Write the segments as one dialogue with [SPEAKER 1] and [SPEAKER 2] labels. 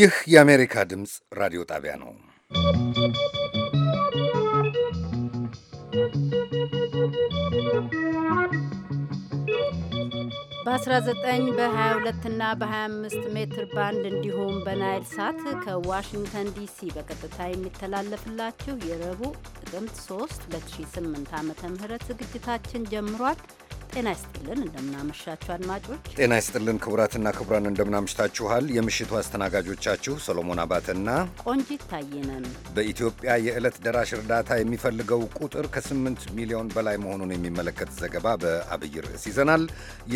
[SPEAKER 1] ይህ የአሜሪካ ድምፅ ራዲዮ ጣቢያ ነው።
[SPEAKER 2] በ19 በ22 እና በ25 ሜትር ባንድ እንዲሁም በናይል ሳት ከዋሽንግተን ዲሲ በቀጥታ የሚተላለፍላችሁ የረቡዕ ጥቅምት 3 2008 ዓ ም ዝግጅታችን ጀምሯል። ጤና ይስጥልን፣ እንደምናመሻችሁ አድማጮች።
[SPEAKER 1] ጤና ይስጥልን ክቡራትና ክቡራን፣ እንደምናምሽታችኋል። የምሽቱ አስተናጋጆቻችሁ ሰሎሞን አባተና
[SPEAKER 2] ቆንጂት ታየነን።
[SPEAKER 1] በኢትዮጵያ የዕለት ደራሽ እርዳታ የሚፈልገው ቁጥር ከ8 ሚሊዮን በላይ መሆኑን የሚመለከት ዘገባ በአብይ ርዕስ ይዘናል።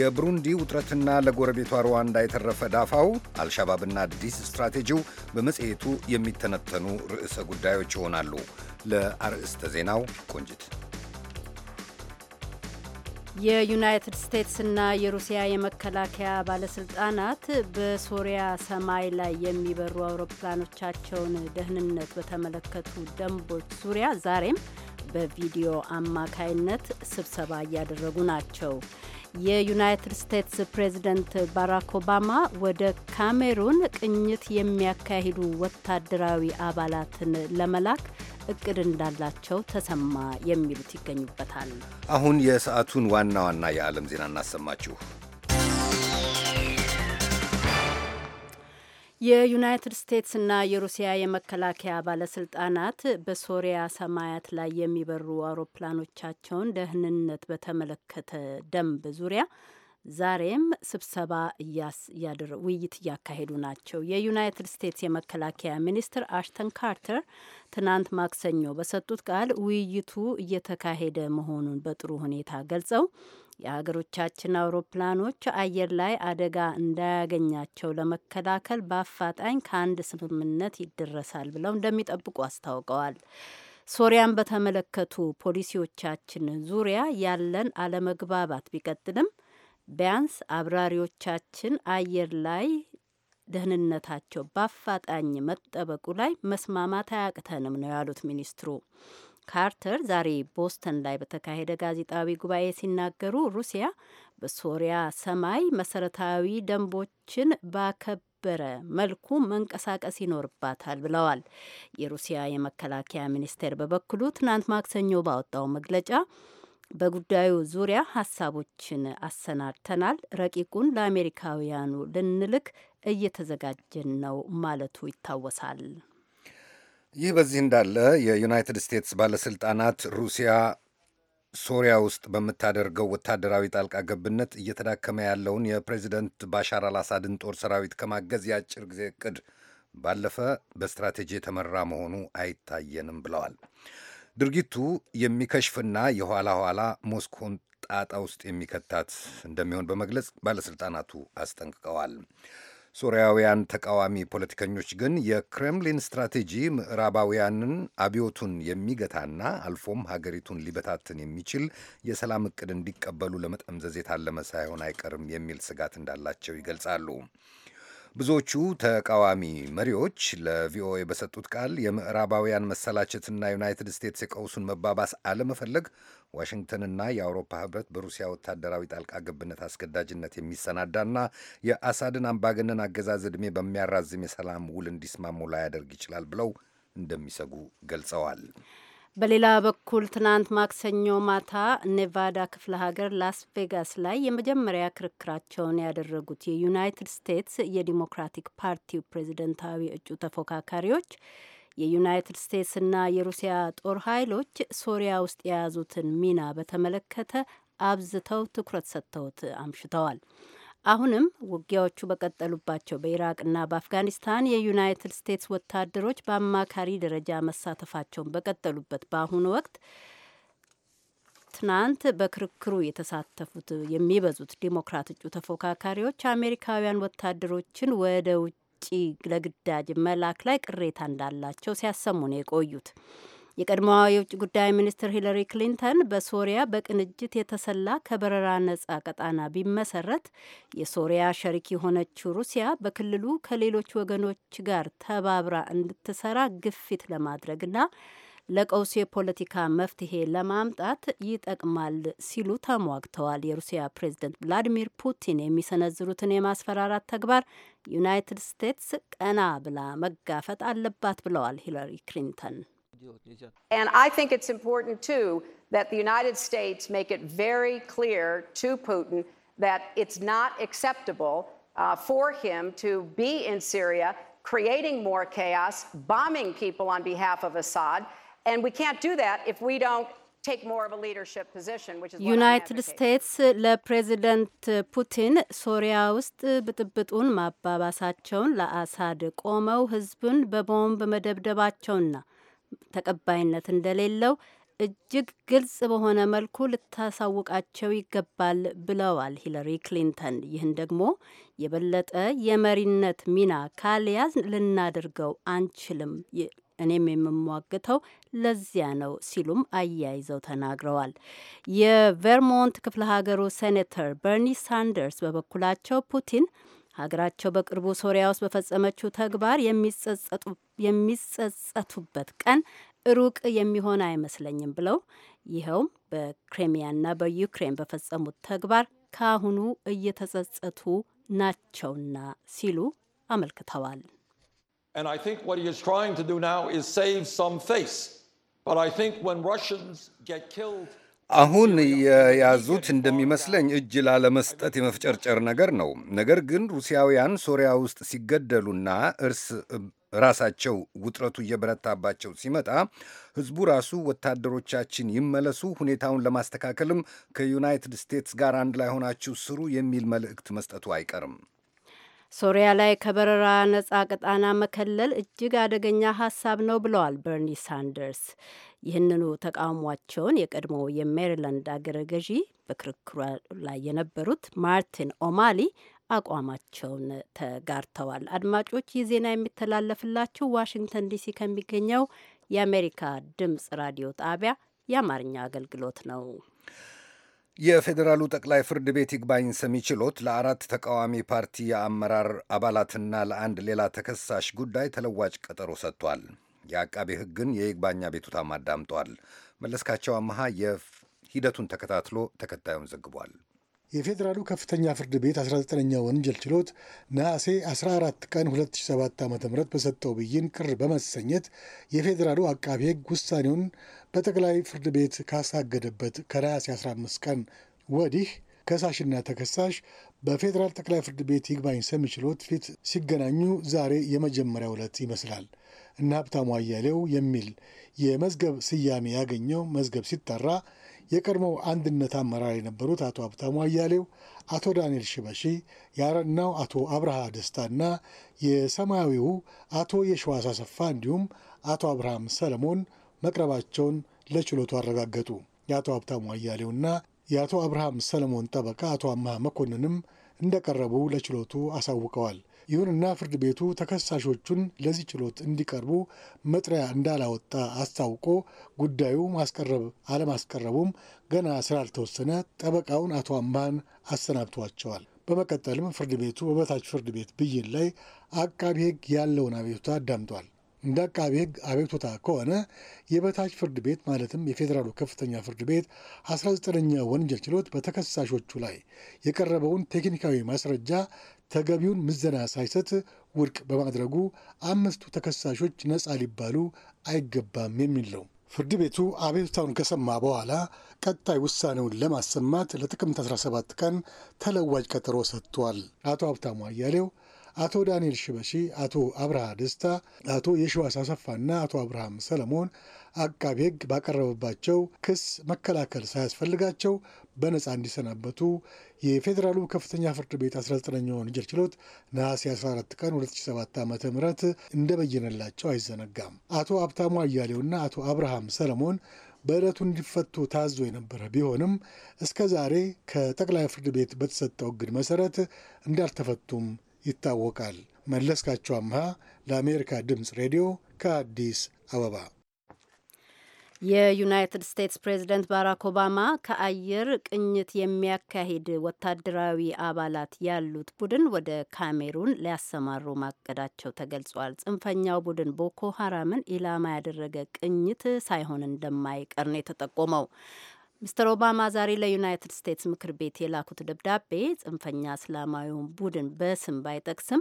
[SPEAKER 1] የብሩንዲ ውጥረትና ለጎረቤቷ ሩዋንዳ የተረፈ ዳፋው፣ አልሻባብና አዲስ ስትራቴጂው በመጽሔቱ የሚተነተኑ ርዕሰ ጉዳዮች ይሆናሉ። ለአርዕስተ ዜናው ቆንጅት።
[SPEAKER 2] የዩናይትድ ስቴትስና የሩሲያ የመከላከያ ባለስልጣናት በሶሪያ ሰማይ ላይ የሚበሩ አውሮፕላኖቻቸውን ደህንነት በተመለከቱ ደንቦች ዙሪያ ዛሬም በቪዲዮ አማካይነት ስብሰባ እያደረጉ ናቸው። የዩናይትድ ስቴትስ ፕሬዝደንት ባራክ ኦባማ ወደ ካሜሩን ቅኝት የሚያካሂዱ ወታደራዊ አባላትን ለመላክ እቅድ እንዳላቸው ተሰማ የሚሉት ይገኙበታል።
[SPEAKER 1] አሁን የሰዓቱን ዋና ዋና የዓለም ዜና እናሰማችሁ።
[SPEAKER 2] የዩናይትድ ስቴትስ እና የሩሲያ የመከላከያ ባለስልጣናት በሶሪያ ሰማያት ላይ የሚበሩ አውሮፕላኖቻቸውን ደህንነት በተመለከተ ደንብ ዙሪያ ዛሬም ስብሰባ ውይይት እያካሄዱ ናቸው። የዩናይትድ ስቴትስ የመከላከያ ሚኒስትር አሽተን ካርተር ትናንት ማክሰኞ በሰጡት ቃል ውይይቱ እየተካሄደ መሆኑን በጥሩ ሁኔታ ገልጸው የሀገሮቻችን አውሮፕላኖች አየር ላይ አደጋ እንዳያገኛቸው ለመከላከል በአፋጣኝ ከአንድ ስምምነት ይደረሳል ብለው እንደሚጠብቁ አስታውቀዋል። ሶሪያን በተመለከቱ ፖሊሲዎቻችን ዙሪያ ያለን አለመግባባት ቢቀጥልም ቢያንስ አብራሪዎቻችን አየር ላይ ደህንነታቸው በአፋጣኝ መጠበቁ ላይ መስማማት አያቅተንም ነው ያሉት ሚኒስትሩ። ካርተር ዛሬ ቦስተን ላይ በተካሄደ ጋዜጣዊ ጉባኤ ሲናገሩ ሩሲያ በሶሪያ ሰማይ መሰረታዊ ደንቦችን ባከበረ መልኩ መንቀሳቀስ ይኖርባታል ብለዋል። የሩሲያ የመከላከያ ሚኒስቴር በበኩሉ ትናንት ማክሰኞ ባወጣው መግለጫ በጉዳዩ ዙሪያ ሀሳቦችን አሰናድተናል። ረቂቁን ለአሜሪካውያኑ ልንልክ እየተዘጋጀን ነው ማለቱ ይታወሳል።
[SPEAKER 1] ይህ በዚህ እንዳለ የዩናይትድ ስቴትስ ባለስልጣናት ሩሲያ ሶሪያ ውስጥ በምታደርገው ወታደራዊ ጣልቃ ገብነት እየተዳከመ ያለውን የፕሬዚደንት ባሻር አልአሳድን ጦር ሰራዊት ከማገዝ የአጭር ጊዜ እቅድ ባለፈ በስትራቴጂ የተመራ መሆኑ አይታየንም ብለዋል። ድርጊቱ የሚከሽፍና የኋላ ኋላ ሞስኮን ጣጣ ውስጥ የሚከታት እንደሚሆን በመግለጽ ባለሥልጣናቱ አስጠንቅቀዋል። ሶሪያውያን ተቃዋሚ ፖለቲከኞች ግን የክሬምሊን ስትራቴጂ ምዕራባውያንን አብዮቱን የሚገታና አልፎም ሀገሪቱን ሊበታትን የሚችል የሰላም እቅድ እንዲቀበሉ ለመጠምዘዝ የታለመ ሳይሆን አይቀርም የሚል ስጋት እንዳላቸው ይገልጻሉ። ብዙዎቹ ተቃዋሚ መሪዎች ለቪኦኤ በሰጡት ቃል የምዕራባውያን መሰላቸትና ዩናይትድ ስቴትስ የቀውሱን መባባስ አለመፈለግ ዋሽንግተንና የአውሮፓ ህብረት በሩሲያ ወታደራዊ ጣልቃ ገብነት አስገዳጅነት የሚሰናዳና የአሳድን አምባገነን አገዛዝ ዕድሜ በሚያራዝም የሰላም ውል እንዲስማሙ ላያደርግ ይችላል ብለው እንደሚሰጉ ገልጸዋል።
[SPEAKER 2] በሌላ በኩል ትናንት ማክሰኞ ማታ ኔቫዳ ክፍለ ሀገር ላስ ቬጋስ ላይ የመጀመሪያ ክርክራቸውን ያደረጉት የዩናይትድ ስቴትስ የዲሞክራቲክ ፓርቲው ፕሬዝደንታዊ እጩ ተፎካካሪዎች የዩናይትድ ስቴትስና የሩሲያ ጦር ኃይሎች ሶሪያ ውስጥ የያዙትን ሚና በተመለከተ አብዝተው ትኩረት ሰጥተውት አምሽተዋል። አሁንም ውጊያዎቹ በቀጠሉባቸው በኢራቅና በአፍጋኒስታን የዩናይትድ ስቴትስ ወታደሮች በአማካሪ ደረጃ መሳተፋቸውን በቀጠሉበት በአሁኑ ወቅት ትናንት በክርክሩ የተሳተፉት የሚበዙት ዲሞክራት እጩ ተፎካካሪዎች አሜሪካውያን ወታደሮችን ወደ ውጭ ለግዳጅ መላክ ላይ ቅሬታ እንዳላቸው ሲያሰሙ ነው የቆዩት። የቀድሞዋ የውጭ ጉዳይ ሚኒስትር ሂለሪ ክሊንተን በሶሪያ በቅንጅት የተሰላ ከበረራ ነጻ ቀጣና ቢመሰረት የሶሪያ ሸሪክ የሆነችው ሩሲያ በክልሉ ከሌሎች ወገኖች ጋር ተባብራ እንድትሰራ ግፊት ለማድረግና ለቀውሱ የፖለቲካ መፍትሄ ለማምጣት ይጠቅማል ሲሉ ተሟግተዋል። የሩሲያ ፕሬዝደንት ቭላዲሚር ፑቲን የሚሰነዝሩትን የማስፈራራት ተግባር ዩናይትድ ስቴትስ ቀና ብላ መጋፈጥ አለባት ብለዋል ሂለሪ ክሊንተን።
[SPEAKER 3] And I think it's important, too, that the United States make it very clear to Putin that it's not acceptable uh, for him to be in Syria, creating more chaos, bombing people on behalf of Assad. And we can't do that if we don't ዩናይትድ
[SPEAKER 2] ስቴትስ ለፕሬዚደንት ፑቲን ሶሪያ ውስጥ ብጥብጡን ማባባሳቸውን ለአሳድ ቆመው ህዝቡን በቦምብ መደብደባቸውና ተቀባይነት እንደሌለው እጅግ ግልጽ በሆነ መልኩ ልታሳውቃቸው ይገባል ብለዋል ሂለሪ ክሊንተን። ይህን ደግሞ የበለጠ የመሪነት ሚና ካልያዝ ልናደርገው አንችልም፣ እኔም የምሟግተው ለዚያ ነው ሲሉም አያይዘው ተናግረዋል። የቨርሞንት ክፍለ ሀገሩ ሴኔተር በርኒ ሳንደርስ በበኩላቸው ፑቲን ሀገራቸው በቅርቡ ሶሪያ ውስጥ በፈጸመችው ተግባር የሚጸጸቱበት ቀን ሩቅ የሚሆን አይመስለኝም ብለው ይኸውም በክሬሚያና በዩክሬን በፈጸሙት ተግባር ከአሁኑ እየተጸጸቱ ናቸውና ሲሉ አመልክተዋል።
[SPEAKER 1] አሁን የያዙት እንደሚመስለኝ እጅ ላለመስጠት የመፍጨርጨር ነገር ነው። ነገር ግን ሩሲያውያን ሶሪያ ውስጥ ሲገደሉና እርስ ራሳቸው ውጥረቱ እየበረታባቸው ሲመጣ ህዝቡ ራሱ ወታደሮቻችን ይመለሱ፣ ሁኔታውን ለማስተካከልም ከዩናይትድ ስቴትስ ጋር አንድ ላይ ሆናችሁ ስሩ የሚል መልእክት መስጠቱ አይቀርም።
[SPEAKER 2] ሶሪያ ላይ ከበረራ ነጻ ቀጣና መከለል እጅግ አደገኛ ሀሳብ ነው ብለዋል በርኒ ሳንደርስ። ይህንኑ ተቃውሟቸውን የቀድሞ የሜሪላንድ አገረ ገዢ በክርክሩ ላይ የነበሩት ማርቲን ኦማሊ አቋማቸውን ተጋርተዋል። አድማጮች ይህ ዜና የሚተላለፍላችሁ ዋሽንግተን ዲሲ ከሚገኘው የአሜሪካ ድምጽ ራዲዮ ጣቢያ የአማርኛ አገልግሎት ነው።
[SPEAKER 1] የፌዴራሉ ጠቅላይ ፍርድ ቤት ይግባኝ ሰሚ ችሎት ለአራት ተቃዋሚ ፓርቲ የአመራር አባላትና ለአንድ ሌላ ተከሳሽ ጉዳይ ተለዋጭ ቀጠሮ ሰጥቷል። የአቃቤ ሕግን የይግባኛ ቤቱታም አዳምጧል። መለስካቸው አመሃ የሂደቱን ተከታትሎ ተከታዩን ዘግቧል።
[SPEAKER 4] የፌዴራሉ ከፍተኛ ፍርድ ቤት 19ኛ ወንጀል ችሎት ነሐሴ 14 ቀን 2007 ዓ ም በሰጠው ብይን ቅር በመሰኘት የፌዴራሉ አቃቤ ሕግ ውሳኔውን በጠቅላይ ፍርድ ቤት ካሳገደበት ከነሐሴ 15 ቀን ወዲህ ከሳሽና ተከሳሽ በፌዴራል ጠቅላይ ፍርድ ቤት ይግባኝ ሰሚ ችሎት ፊት ሲገናኙ ዛሬ የመጀመሪያው ዕለት ይመስላል። እነ ሀብታሙ አያሌው የሚል የመዝገብ ስያሜ ያገኘው መዝገብ ሲጠራ የቀድሞው አንድነት አመራር የነበሩት አቶ ሀብታሙ አያሌው፣ አቶ ዳንኤል ሽበሺ፣ የአረናው አቶ አብርሃ ደስታና የሰማያዊው አቶ የሸዋስ አሰፋ እንዲሁም አቶ አብርሃም ሰለሞን መቅረባቸውን ለችሎቱ አረጋገጡ። የአቶ ሀብታሙ አያሌውና የአቶ አብርሃም ሰለሞን ጠበቃ አቶ አምሃ መኮንንም እንደቀረቡ ለችሎቱ አሳውቀዋል። ይሁንና ፍርድ ቤቱ ተከሳሾቹን ለዚህ ችሎት እንዲቀርቡ መጥሪያ እንዳላወጣ አስታውቆ ጉዳዩ ማስቀረብ አለማስቀረቡም ገና ስላልተወሰነ ጠበቃውን አቶ አምባን አሰናብቷቸዋል። በመቀጠልም ፍርድ ቤቱ በበታች ፍርድ ቤት ብይን ላይ አቃቢ ሕግ ያለውን አቤቱታ አዳምጧል። እንደ አቃቢ ሕግ አቤቱታ ከሆነ የበታች ፍርድ ቤት ማለትም የፌዴራሉ ከፍተኛ ፍርድ ቤት 19ኛ ወንጀል ችሎት በተከሳሾቹ ላይ የቀረበውን ቴክኒካዊ ማስረጃ ተገቢውን ምዘና ሳይሰጥ ውድቅ በማድረጉ አምስቱ ተከሳሾች ነፃ ሊባሉ አይገባም የሚል ነው። ፍርድ ቤቱ አቤቱታውን ከሰማ በኋላ ቀጣይ ውሳኔውን ለማሰማት ለጥቅምት 17 ቀን ተለዋጅ ቀጠሮ ሰጥቷል። አቶ ሀብታሙ አያሌው፣ አቶ ዳንኤል ሽበሺ፣ አቶ አብርሃ ደስታ፣ አቶ የሸዋስ አሰፋና አቶ አብርሃም ሰለሞን አቃቢ ሕግ ባቀረበባቸው ክስ መከላከል ሳያስፈልጋቸው በነፃ እንዲሰናበቱ የፌዴራሉ ከፍተኛ ፍርድ ቤት 19 ኛውን ወንጀል ችሎት ነሐሴ 14 ቀን 2007 ዓ ም እንደበየነላቸው አይዘነጋም። አቶ አብታሙ አያሌውና አቶ አብርሃም ሰለሞን በዕለቱ እንዲፈቱ ታዞ የነበረ ቢሆንም እስከ ዛሬ ከጠቅላይ ፍርድ ቤት በተሰጠው እግድ መሰረት እንዳልተፈቱም ይታወቃል። መለስካቸው አምሃ ለአሜሪካ ድምፅ ሬዲዮ ከአዲስ አበባ
[SPEAKER 2] የዩናይትድ ስቴትስ ፕሬዚደንት ባራክ ኦባማ ከአየር ቅኝት የሚያካሂድ ወታደራዊ አባላት ያሉት ቡድን ወደ ካሜሩን ሊያሰማሩ ማቀዳቸው ተገልጿል። ጽንፈኛው ቡድን ቦኮ ሀራምን ኢላማ ያደረገ ቅኝት ሳይሆን እንደማይቀር ነው የተጠቆመው። ሚስተር ኦባማ ዛሬ ለዩናይትድ ስቴትስ ምክር ቤት የላኩት ደብዳቤ ጽንፈኛ እስላማዊውን ቡድን በስም ባይጠቅስም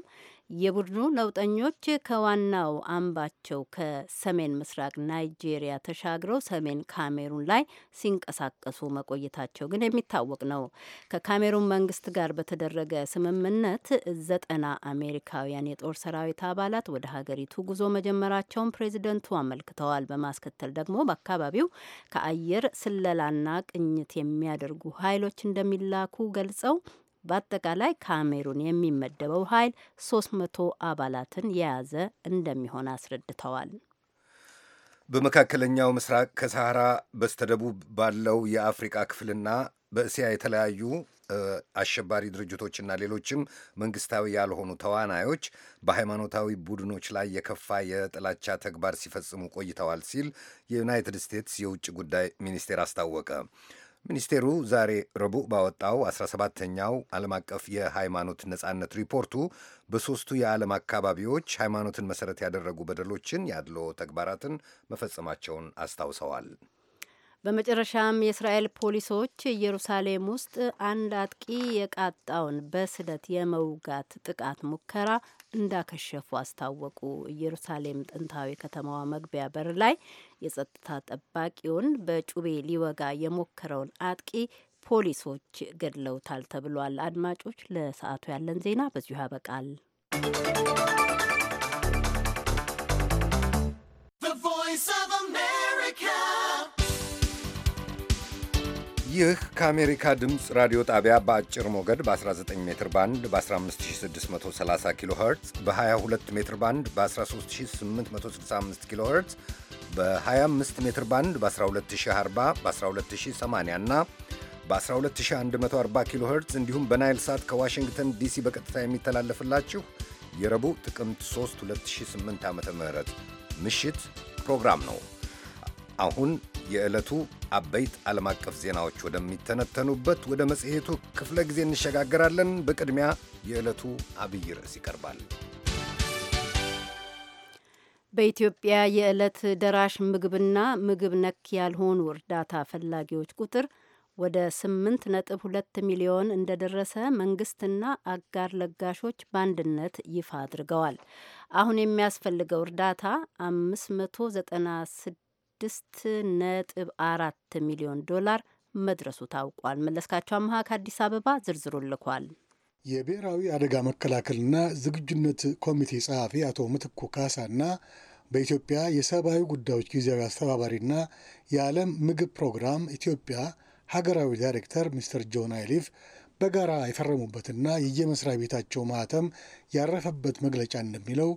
[SPEAKER 2] የቡድኑ ነውጠኞች ከዋናው አምባቸው ከሰሜን ምስራቅ ናይጄሪያ ተሻግረው ሰሜን ካሜሩን ላይ ሲንቀሳቀሱ መቆየታቸው ግን የሚታወቅ ነው። ከካሜሩን መንግስት ጋር በተደረገ ስምምነት ዘጠና አሜሪካውያን የጦር ሰራዊት አባላት ወደ ሀገሪቱ ጉዞ መጀመራቸውን ፕሬዚደንቱ አመልክተዋል። በማስከተል ደግሞ በአካባቢው ከአየር ስለላና ቅኝት የሚያደርጉ ኃይሎች እንደሚላኩ ገልጸው በአጠቃላይ ካሜሩን የሚመደበው ኃይል 300 አባላትን የያዘ እንደሚሆን አስረድተዋል።
[SPEAKER 1] በመካከለኛው ምስራቅ ከሳህራ በስተደቡብ ባለው የአፍሪቃ ክፍልና በእስያ የተለያዩ አሸባሪ ድርጅቶችና ሌሎችም መንግስታዊ ያልሆኑ ተዋናዮች በሃይማኖታዊ ቡድኖች ላይ የከፋ የጥላቻ ተግባር ሲፈጽሙ ቆይተዋል ሲል የዩናይትድ ስቴትስ የውጭ ጉዳይ ሚኒስቴር አስታወቀ። ሚኒስቴሩ ዛሬ ረቡዕ ባወጣው 17ተኛው ዓለም አቀፍ የሃይማኖት ነጻነት ሪፖርቱ በሦስቱ የዓለም አካባቢዎች ሃይማኖትን መሠረት ያደረጉ በደሎችን፣ ያድሎ ተግባራትን መፈጸማቸውን አስታውሰዋል።
[SPEAKER 2] በመጨረሻም የእስራኤል ፖሊሶች ኢየሩሳሌም ውስጥ አንድ አጥቂ የቃጣውን በስለት የመውጋት ጥቃት ሙከራ እንዳከሸፉ አስታወቁ። ኢየሩሳሌም ጥንታዊ ከተማዋ መግቢያ በር ላይ የጸጥታ ጠባቂውን በጩቤ ሊወጋ የሞከረውን አጥቂ ፖሊሶች ገድለውታል ተብሏል። አድማጮች፣ ለሰዓቱ ያለን ዜና በዚሁ ያበቃል።
[SPEAKER 1] ይህ ከአሜሪካ ድምፅ ራዲዮ ጣቢያ በአጭር ሞገድ በ19 ሜትር ባንድ በ15630 ኪሎ ኸርትዝ በ22 ሜትር ባንድ በ13865 ኪሎ ኸርትዝ በ25 ሜትር ባንድ በ12040 በ12080 እና በ12140 ኪሎ ኸርትዝ እንዲሁም በናይል ሳት ከዋሽንግተን ዲሲ በቀጥታ የሚተላለፍላችሁ የረቡዕ ጥቅምት 3 2008 ዓ ም ምሽት ፕሮግራም ነው። አሁን የዕለቱ አበይት ዓለም አቀፍ ዜናዎች ወደሚተነተኑበት ወደ መጽሔቱ ክፍለ ጊዜ እንሸጋገራለን። በቅድሚያ የዕለቱ አብይ ርዕስ ይቀርባል።
[SPEAKER 2] በኢትዮጵያ የዕለት ደራሽ ምግብና ምግብ ነክ ያልሆኑ እርዳታ ፈላጊዎች ቁጥር ወደ 8.2 ሚሊዮን እንደደረሰ መንግስትና አጋር ለጋሾች በአንድነት ይፋ አድርገዋል። አሁን የሚያስፈልገው እርዳታ 596 ስድስት ነጥብ አራት ሚሊዮን ዶላር መድረሱ ታውቋል። መለስካቸው አመሀ ከአዲስ አበባ ዝርዝሩ ልኳል።
[SPEAKER 4] የብሔራዊ አደጋ መከላከልና ዝግጁነት ኮሚቴ ጸሐፊ አቶ ምትኩ ካሳና በኢትዮጵያ የሰብአዊ ጉዳዮች ጊዜያዊ አስተባባሪና የዓለም ምግብ ፕሮግራም ኢትዮጵያ ሀገራዊ ዳይሬክተር ሚስተር ጆን አይሊፍ። በጋራ የፈረሙበትና የየመስሪያ ቤታቸው ማህተም ያረፈበት መግለጫ እንደሚለው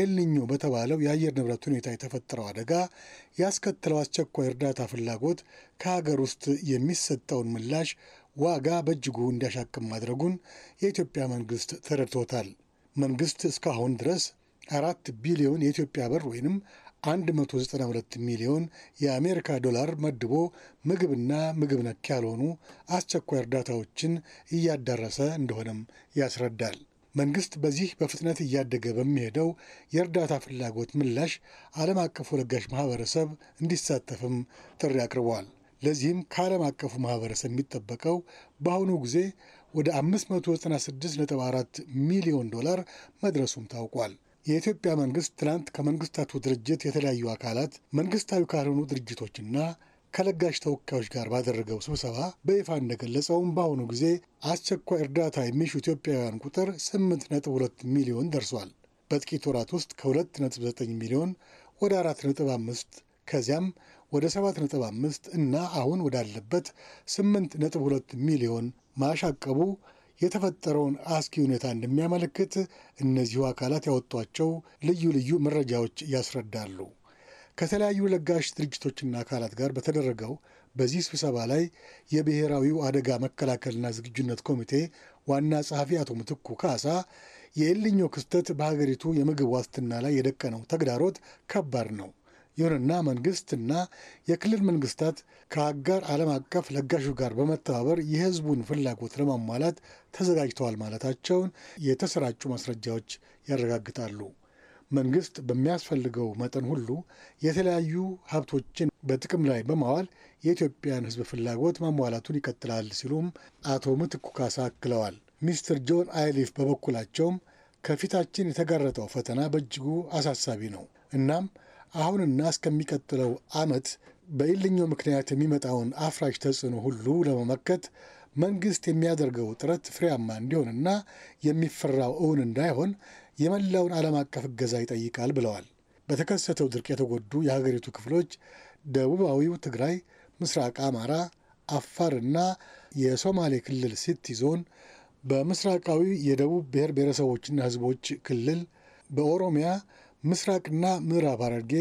[SPEAKER 4] ኤልኒኞ በተባለው የአየር ንብረት ሁኔታ የተፈጠረው አደጋ ያስከትለው አስቸኳይ እርዳታ ፍላጎት ከሀገር ውስጥ የሚሰጠውን ምላሽ ዋጋ በእጅጉ እንዲያሻቅም ማድረጉን የኢትዮጵያ መንግስት ተረድቶታል። መንግስት እስካሁን ድረስ አራት ቢሊዮን የኢትዮጵያ ብር ወይንም 192 ሚሊዮን የአሜሪካ ዶላር መድቦ ምግብና ምግብ ነክ ያልሆኑ አስቸኳይ እርዳታዎችን እያዳረሰ እንደሆነም ያስረዳል። መንግስት በዚህ በፍጥነት እያደገ በሚሄደው የእርዳታ ፍላጎት ምላሽ ዓለም አቀፉ ለጋሽ ማህበረሰብ እንዲሳተፍም ጥሪ አቅርበዋል። ለዚህም ከዓለም አቀፉ ማህበረሰብ የሚጠበቀው በአሁኑ ጊዜ ወደ 596.4 ሚሊዮን ዶላር መድረሱም ታውቋል። የኢትዮጵያ መንግስት ትናንት ከመንግስታቱ ድርጅት የተለያዩ አካላት መንግስታዊ ካልሆኑ ድርጅቶችና ከለጋሽ ተወካዮች ጋር ባደረገው ስብሰባ በይፋ እንደገለጸውም በአሁኑ ጊዜ አስቸኳይ እርዳታ የሚሹ ኢትዮጵያውያን ቁጥር 8.2 ሚሊዮን ደርሷል። በጥቂት ወራት ውስጥ ከ2.9 ሚሊዮን ወደ 4.5 ከዚያም ወደ 7.5 እና አሁን ወዳለበት 8.2 ሚሊዮን ማሻቀቡ የተፈጠረውን አስኪ ሁኔታ እንደሚያመለክት እነዚሁ አካላት ያወጧቸው ልዩ ልዩ መረጃዎች ያስረዳሉ። ከተለያዩ ለጋሽ ድርጅቶችና አካላት ጋር በተደረገው በዚህ ስብሰባ ላይ የብሔራዊው አደጋ መከላከልና ዝግጁነት ኮሚቴ ዋና ጸሐፊ አቶ ምትኩ ካሳ የኤልኞ ክስተት በሀገሪቱ የምግብ ዋስትና ላይ የደቀነው ተግዳሮት ከባድ ነው ይሁንና መንግስትና የክልል መንግስታት ከአጋር ዓለም አቀፍ ለጋሹ ጋር በመተባበር የህዝቡን ፍላጎት ለማሟላት ተዘጋጅተዋል ማለታቸውን የተሰራጩ ማስረጃዎች ያረጋግጣሉ። መንግስት በሚያስፈልገው መጠን ሁሉ የተለያዩ ሀብቶችን በጥቅም ላይ በማዋል የኢትዮጵያን ህዝብ ፍላጎት ማሟላቱን ይቀጥላል ሲሉም አቶ ምትኩ ካሳ አክለዋል። ሚስትር ጆን አይሊፍ በበኩላቸውም ከፊታችን የተጋረጠው ፈተና በእጅጉ አሳሳቢ ነው። እናም አሁንና እስከሚቀጥለው ዓመት በኢልኞ ምክንያት የሚመጣውን አፍራሽ ተጽዕኖ ሁሉ ለመመከት መንግስት የሚያደርገው ጥረት ፍሬያማ እንዲሆንና የሚፈራው እውን እንዳይሆን የመላውን ዓለም አቀፍ እገዛ ይጠይቃል ብለዋል። በተከሰተው ድርቅ የተጎዱ የሀገሪቱ ክፍሎች ደቡባዊው ትግራይ፣ ምስራቅ አማራ፣ አፋርና የሶማሌ ክልል ሲቲ ዞን፣ በምስራቃዊ የደቡብ ብሔር ብሔረሰቦችና ህዝቦች ክልል፣ በኦሮሚያ ምስራቅና ምዕራብ ሐረርጌ፣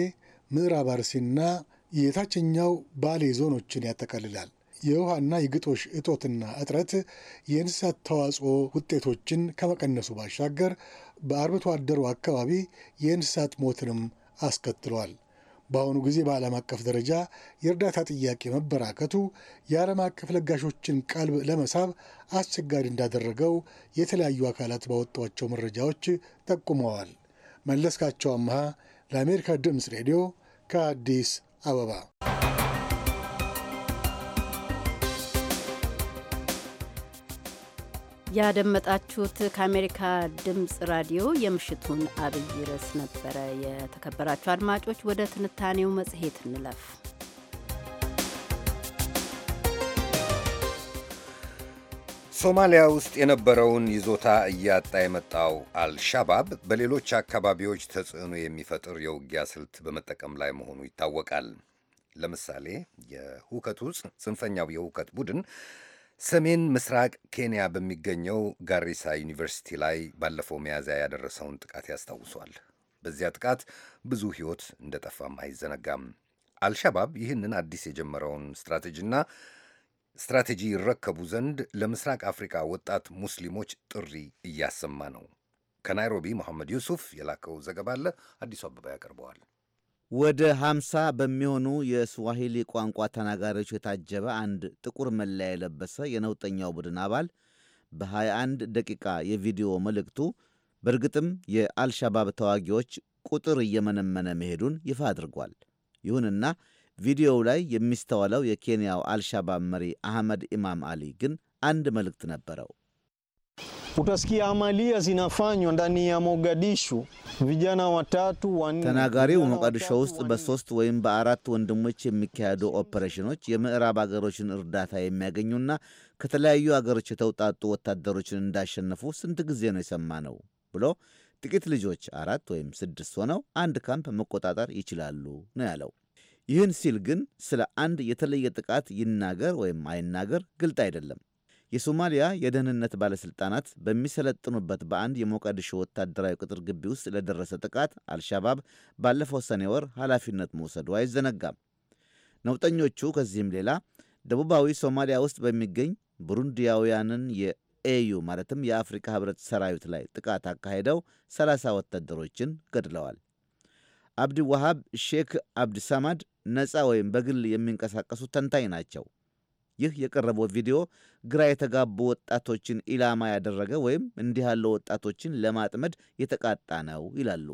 [SPEAKER 4] ምዕራብ አርሲና የታችኛው ባሌ ዞኖችን ያጠቃልላል። የውሃና የግጦሽ እጦትና እጥረት የእንስሳት ተዋጽኦ ውጤቶችን ከመቀነሱ ባሻገር በአርብቶ አደሩ አካባቢ የእንስሳት ሞትንም አስከትሏል። በአሁኑ ጊዜ በዓለም አቀፍ ደረጃ የእርዳታ ጥያቄ መበራከቱ የዓለም አቀፍ ለጋሾችን ቀልብ ለመሳብ አስቸጋሪ እንዳደረገው የተለያዩ አካላት ባወጧቸው መረጃዎች ጠቁመዋል። መለስካቸው አምሃ ለአሜሪካ ድምፅ ሬዲዮ ከአዲስ አበባ።
[SPEAKER 2] ያደመጣችሁት ከአሜሪካ ድምፅ ራዲዮ የምሽቱን አብይ ርዕስ ነበረ። የተከበራችሁ አድማጮች፣ ወደ ትንታኔው መጽሔት እንለፍ።
[SPEAKER 1] ሶማሊያ ውስጥ የነበረውን ይዞታ እያጣ የመጣው አልሻባብ በሌሎች አካባቢዎች ተጽዕኖ የሚፈጥር የውጊያ ስልት በመጠቀም ላይ መሆኑ ይታወቃል። ለምሳሌ የሁከቱ ጽንፈኛው የሁከት ቡድን ሰሜን ምስራቅ ኬንያ በሚገኘው ጋሪሳ ዩኒቨርሲቲ ላይ ባለፈው ሚያዝያ ያደረሰውን ጥቃት ያስታውሷል። በዚያ ጥቃት ብዙ ሕይወት እንደጠፋም አይዘነጋም። አልሻባብ ይህንን አዲስ የጀመረውን ስትራቴጂና ስትራቴጂ ይረከቡ ዘንድ ለምስራቅ አፍሪካ ወጣት ሙስሊሞች ጥሪ እያሰማ ነው። ከናይሮቢ መሐመድ ዩሱፍ የላከው ዘገባ አለ፣ አዲሱ አበባ ያቀርበዋል።
[SPEAKER 5] ወደ ሀምሳ በሚሆኑ የስዋሂሊ ቋንቋ ተናጋሪዎች የታጀበ አንድ ጥቁር መለያ የለበሰ የነውጠኛው ቡድን አባል በ21 ደቂቃ የቪዲዮ መልእክቱ በእርግጥም የአልሻባብ ተዋጊዎች ቁጥር እየመነመነ መሄዱን ይፋ አድርጓል። ይሁንና ቪዲዮው ላይ የሚስተዋለው የኬንያው አልሻባብ መሪ አህመድ ኢማም አሊ ግን አንድ መልእክት ነበረው።
[SPEAKER 3] utasikia amalia zinafanywa ndani ya ተናጋሪው
[SPEAKER 5] ሞቃዲሾ ውስጥ በሶስት ወይም በአራት ወንድሞች የሚካሄዱ ኦፕሬሽኖች የምዕራብ አገሮችን እርዳታ የሚያገኙና ከተለያዩ አገሮች የተውጣጡ ወታደሮችን እንዳሸነፉ ስንት ጊዜ ነው የሰማነው ብሎ ጥቂት ልጆች አራት ወይም ስድስት ሆነው አንድ ካምፕ መቆጣጠር ይችላሉ ነው ያለው። ይህን ሲል ግን ስለ አንድ የተለየ ጥቃት ይናገር ወይም አይናገር ግልጥ አይደለም። የሶማሊያ የደህንነት ባለሥልጣናት በሚሰለጥኑበት በአንድ የሞቃዲሾ ወታደራዊ ቅጥር ግቢ ውስጥ ለደረሰ ጥቃት አልሻባብ ባለፈው ሰኔ ወር ኃላፊነት መውሰዱ አይዘነጋም። ነውጠኞቹ ከዚህም ሌላ ደቡባዊ ሶማሊያ ውስጥ በሚገኝ ቡሩንዲያውያንን የኤዩ ማለትም የአፍሪካ ህብረት ሰራዊት ላይ ጥቃት አካሄደው 30 ወታደሮችን ገድለዋል። አብዲ ዋሃብ ሼክ አብዲ ሳማድ ነፃ ወይም በግል የሚንቀሳቀሱ ተንታኝ ናቸው። ይህ የቀረበው ቪዲዮ ግራ የተጋቡ ወጣቶችን ኢላማ ያደረገ ወይም እንዲህ ያለው ወጣቶችን ለማጥመድ የተቃጣ ነው ይላሉ።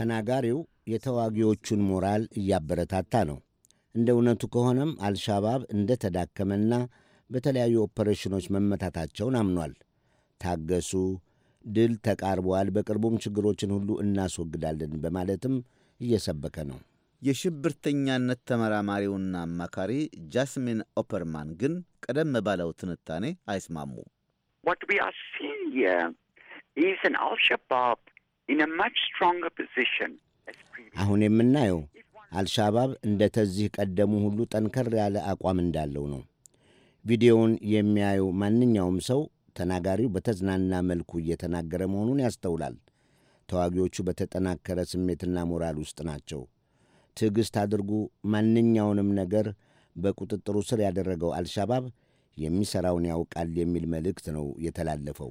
[SPEAKER 3] ተናጋሪው የተዋጊዎቹን
[SPEAKER 6] ሞራል እያበረታታ ነው። እንደ እውነቱ ከሆነም አልሻባብ እንደ ተዳከመና በተለያዩ ኦፐሬሽኖች መመታታቸውን አምኗል። ታገሱ ድል ተቃርቧል፣ በቅርቡም ችግሮችን ሁሉ እናስወግዳለን በማለትም እየሰበከ ነው።
[SPEAKER 5] የሽብርተኛነት ተመራማሪውና አማካሪ ጃስሚን ኦፐርማን ግን ቀደም ባለው ትንታኔ አይስማሙም።
[SPEAKER 6] አሁን የምናየው አልሻባብ እንደ ተዚህ ቀደሙ ሁሉ ጠንከር ያለ አቋም እንዳለው ነው። ቪዲዮውን የሚያዩ ማንኛውም ሰው ተናጋሪው በተዝናና መልኩ እየተናገረ መሆኑን ያስተውላል። ተዋጊዎቹ በተጠናከረ ስሜትና ሞራል ውስጥ ናቸው። ትዕግሥት አድርጉ። ማንኛውንም ነገር በቁጥጥሩ ስር ያደረገው አልሻባብ የሚሠራውን ያውቃል የሚል መልእክት
[SPEAKER 5] ነው የተላለፈው።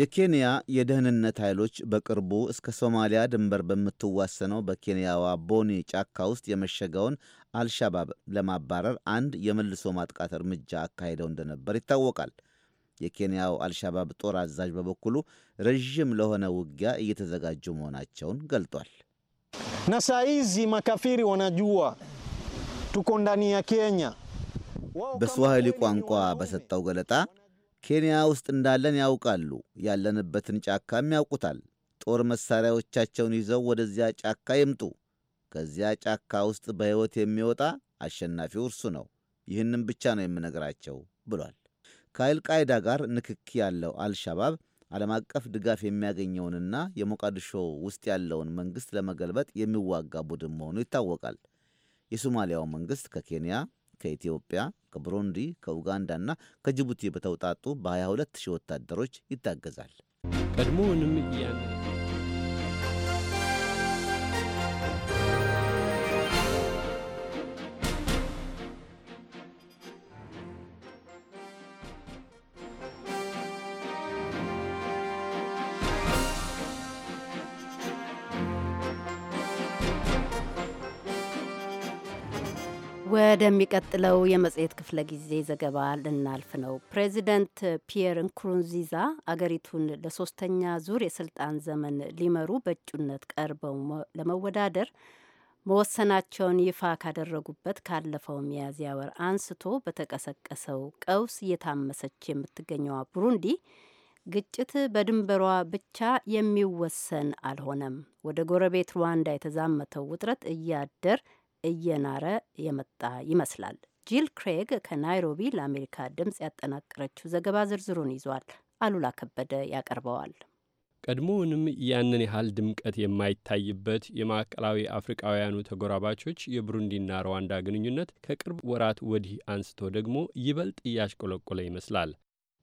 [SPEAKER 5] የኬንያ የደህንነት ኃይሎች በቅርቡ እስከ ሶማሊያ ድንበር በምትዋሰነው በኬንያዋ ቦኒ ጫካ ውስጥ የመሸገውን አልሻባብ ለማባረር አንድ የመልሶ ማጥቃት እርምጃ አካሂደው እንደነበር ይታወቃል። የኬንያው አልሻባብ ጦር አዛዥ በበኩሉ ረዥም ለሆነ ውጊያ እየተዘጋጁ መሆናቸውን ገልጧል። ናሳይዚ ማካፊሪ ወናጁዋ ቱኮ እንዳኒ ያ በስዋሂሊ ቋንቋ በሰጠው ገለጣ ኬንያ ውስጥ እንዳለን ያውቃሉ፣ ያለንበትን ጫካም ያውቁታል። ጦር መሣሪያዎቻቸውን ይዘው ወደዚያ ጫካ ይምጡ። ከዚያ ጫካ ውስጥ በሕይወት የሚወጣ አሸናፊው እርሱ ነው። ይህንም ብቻ ነው የምነግራቸው ብሏል። ከአልቃይዳ ጋር ንክኪ ያለው አልሻባብ ዓለም አቀፍ ድጋፍ የሚያገኘውንና የሞቃዲሾ ውስጥ ያለውን መንግሥት ለመገልበጥ የሚዋጋ ቡድን መሆኑ ይታወቃል። የሶማሊያው መንግሥት ከኬንያ፣ ከኢትዮጵያ፣ ከቡሩንዲ፣ ከኡጋንዳና ከጅቡቲ በተውጣጡ በ22 ሺህ ወታደሮች ይታገዛል። ቀድሞውንም
[SPEAKER 2] ወደሚቀጥለው የመጽሔት ክፍለ ጊዜ ዘገባ ልናልፍ ነው። ፕሬዚደንት ፒየር ንኩሩንዚዛ አገሪቱን ለሶስተኛ ዙር የስልጣን ዘመን ሊመሩ በእጩነት ቀርበው ለመወዳደር መወሰናቸውን ይፋ ካደረጉበት ካለፈው ሚያዝያ ወር አንስቶ በተቀሰቀሰው ቀውስ እየታመሰች የምትገኘዋ ቡሩንዲ ግጭት በድንበሯ ብቻ የሚወሰን አልሆነም። ወደ ጎረቤት ሩዋንዳ የተዛመተው ውጥረት እያደር እየናረ የመጣ ይመስላል። ጂል ክሬግ ከናይሮቢ ለአሜሪካ ድምፅ ያጠናቀረችው ዘገባ ዝርዝሩን ይዟል። አሉላ ከበደ ያቀርበዋል።
[SPEAKER 7] ቀድሞውንም ያንን ያህል ድምቀት የማይታይበት የማዕከላዊ አፍሪቃውያኑ ተጎራባቾች የብሩንዲና ሩዋንዳ ግንኙነት ከቅርብ ወራት ወዲህ አንስቶ ደግሞ ይበልጥ እያሽቆለቆለ ይመስላል።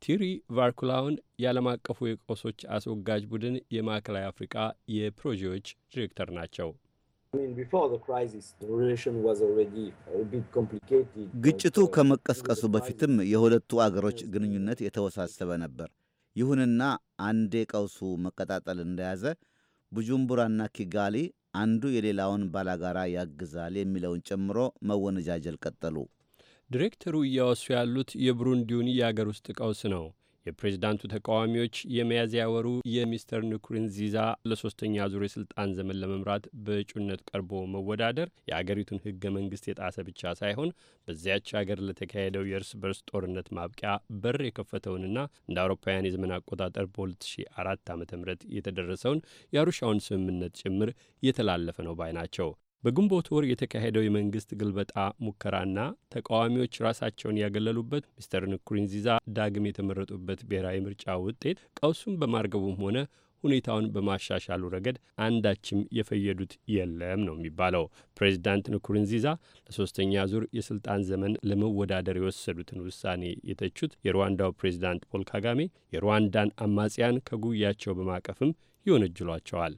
[SPEAKER 7] ቲሪ ቫርኩላውን የዓለም አቀፉ የቆሶች አስወጋጅ ቡድን የማዕከላዊ አፍሪቃ የፕሮጀዎች ዲሬክተር ናቸው።
[SPEAKER 3] ግጭቱ
[SPEAKER 5] ከመቀስቀሱ በፊትም የሁለቱ አገሮች ግንኙነት የተወሳሰበ ነበር። ይሁንና አንዴ ቀውሱ መቀጣጠል እንደያዘ ቡጁምቡራና ኪጋሊ አንዱ የሌላውን ባላጋራ ያግዛል የሚለውን ጨምሮ መወነጃጀል ቀጠሉ።
[SPEAKER 7] ዲሬክተሩ እያወሱ ያሉት የብሩንዲውን የአገር ውስጥ ቀውስ ነው። የፕሬዝዳንቱ ተቃዋሚዎች የመያዝ ወሩ የሚስተር ንኩሩንዚዛ ለሶስተኛ ዙር የስልጣን ዘመን ለመምራት በእጩነት ቀርቦ መወዳደር የአገሪቱን ህገ መንግስት የጣሰ ብቻ ሳይሆን በዚያች ሀገር ለተካሄደው የእርስ በርስ ጦርነት ማብቂያ በር የከፈተውንና እንደ አውሮፓውያን የዘመን አቆጣጠር በ2004 ዓ ም የተደረሰውን የአሩሻውን ስምምነት ጭምር የተላለፈ ነው ባይ ናቸው። በግንቦት ወር የተካሄደው የመንግስት ግልበጣ ሙከራና ተቃዋሚዎች ራሳቸውን ያገለሉበት ሚስተር ንኩሪንዚዛ ዳግም የተመረጡበት ብሔራዊ ምርጫ ውጤት ቀውሱን በማርገቡም ሆነ ሁኔታውን በማሻሻሉ ረገድ አንዳችም የፈየዱት የለም ነው የሚባለው። ፕሬዚዳንት ንኩሩንዚዛ ለሶስተኛ ዙር የስልጣን ዘመን ለመወዳደር የወሰዱትን ውሳኔ የተቹት የሩዋንዳው ፕሬዚዳንት ፖል ካጋሜ የሩዋንዳን አማጽያን ከጉያቸው በማቀፍም ይወነጅሏቸዋል።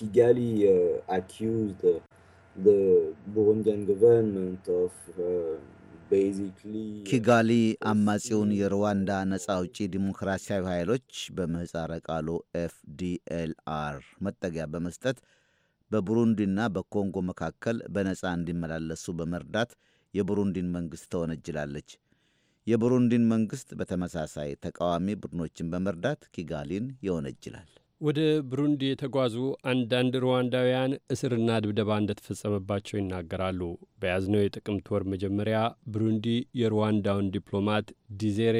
[SPEAKER 6] ኪጋሊ uh, the Burundian government of
[SPEAKER 5] ኪጋሊ አማጺውን የሩዋንዳ ነጻ አውጪ ዲሞክራሲያዊ ኃይሎች በምህፃረ ቃሉ ኤፍዲኤልአር መጠጊያ በመስጠት በቡሩንዲና በኮንጎ መካከል በነጻ እንዲመላለሱ በመርዳት የቡሩንዲን መንግሥት ተወነጅላለች። የቡሩንዲን መንግሥት በተመሳሳይ ተቃዋሚ ቡድኖችን በመርዳት ኪጋሊን ይወነጅላል።
[SPEAKER 7] ወደ ብሩንዲ የተጓዙ አንዳንድ ሩዋንዳውያን እስርና ድብደባ እንደተፈጸመባቸው ይናገራሉ። በያዝነው የጥቅምት ወር መጀመሪያ ብሩንዲ የሩዋንዳውን ዲፕሎማት ዲዜሬ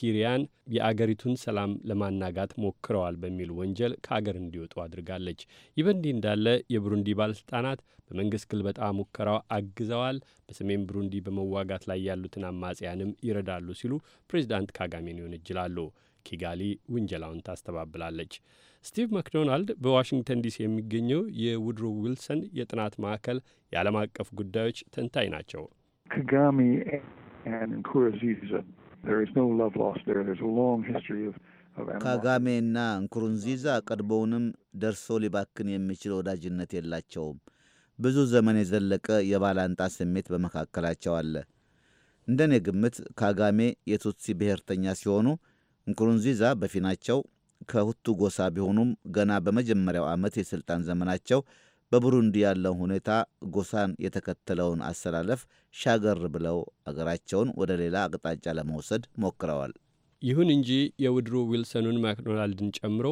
[SPEAKER 7] ሂሪያን የአገሪቱን ሰላም ለማናጋት ሞክረዋል በሚል ወንጀል ከአገር እንዲወጡ አድርጋለች። ይህ በእንዲህ እንዳለ የብሩንዲ ባለሥልጣናት በመንግሥት ግልበጣ ሙከራው አግዘዋል፣ በሰሜን ብሩንዲ በመዋጋት ላይ ያሉትን አማጽያንም ይረዳሉ ሲሉ ፕሬዚዳንት ካጋሜን ይወነጅላሉ። ኪጋሊ ውንጀላውን ታስተባብላለች። ስቲቭ ማክዶናልድ በዋሽንግተን ዲሲ የሚገኘው የውድሮ ዊልሰን የጥናት ማዕከል የዓለም አቀፍ ጉዳዮች ተንታኝ ናቸው።
[SPEAKER 8] ኪጋሚ
[SPEAKER 5] ካጋሜና እንኩሩንዚዛ ቀድሞውንም ደርሶ ሊባክን የሚችል ወዳጅነት የላቸውም። ብዙ ዘመን የዘለቀ የባላንጣ ስሜት በመካከላቸው አለ። እንደ እኔ ግምት ካጋሜ የቱትሲ ብሔርተኛ ሲሆኑ ንኩሩንዚዛ በፊናቸው ከሁቱ ጎሳ ቢሆኑም ገና በመጀመሪያው ዓመት የሥልጣን ዘመናቸው በቡሩንዲ ያለው ሁኔታ ጎሳን የተከተለውን አሰላለፍ ሻገር ብለው አገራቸውን ወደ ሌላ አቅጣጫ ለመውሰድ ሞክረዋል።
[SPEAKER 7] ይሁን እንጂ የውድሩ ዊልሰኑን ማክዶናልድን ጨምሮ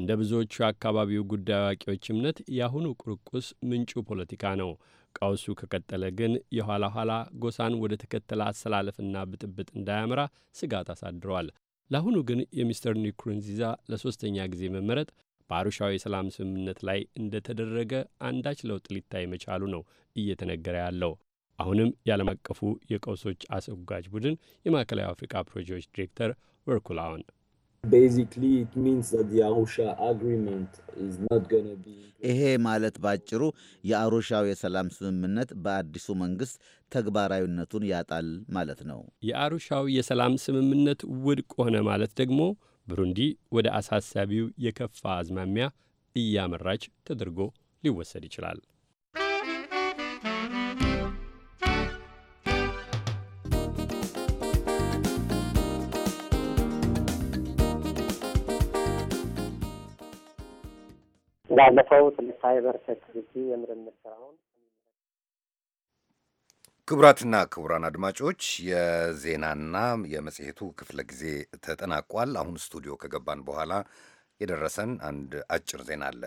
[SPEAKER 7] እንደ ብዙዎቹ የአካባቢው ጉዳይ አዋቂዎች እምነት የአሁኑ ቁርቁስ ምንጩ ፖለቲካ ነው። ቀውሱ ከቀጠለ ግን የኋላ ኋላ ጎሳን ወደ ተከተለ አሰላለፍና ብጥብጥ እንዳያመራ ስጋት አሳድሯል። ለአሁኑ ግን የሚስተር ኒኩሩንዚዛ ለሦስተኛ ጊዜ መመረጥ በአሩሻው የሰላም ስምምነት ላይ እንደተደረገ አንዳች ለውጥ ሊታይ መቻሉ ነው እየተነገረ ያለው። አሁንም የዓለም አቀፉ የቀውሶች አስወጋጅ ቡድን የማዕከላዊ አፍሪካ ፕሮጀክት ዲሬክተር ወርኩላውን
[SPEAKER 5] ይሄ ማለት ባጭሩ የአሩሻው የሰላም ስምምነት በአዲሱ መንግሥት ተግባራዊነቱን ያጣል ማለት ነው።
[SPEAKER 7] የአሩሻው የሰላም ስምምነት ውድቅ ሆነ ማለት ደግሞ ብሩንዲ ወደ አሳሳቢው የከፋ አዝማሚያ እያመራች ተደርጎ ሊወሰድ ይችላል።
[SPEAKER 9] ላለፈው ስለ ሳይበር ሴኩሪቲ የምርምር ስራውን
[SPEAKER 1] ክቡራትና ክቡራን አድማጮች የዜናና የመጽሔቱ ክፍለ ጊዜ ተጠናቋል። አሁን ስቱዲዮ ከገባን በኋላ የደረሰን አንድ አጭር ዜና አለ።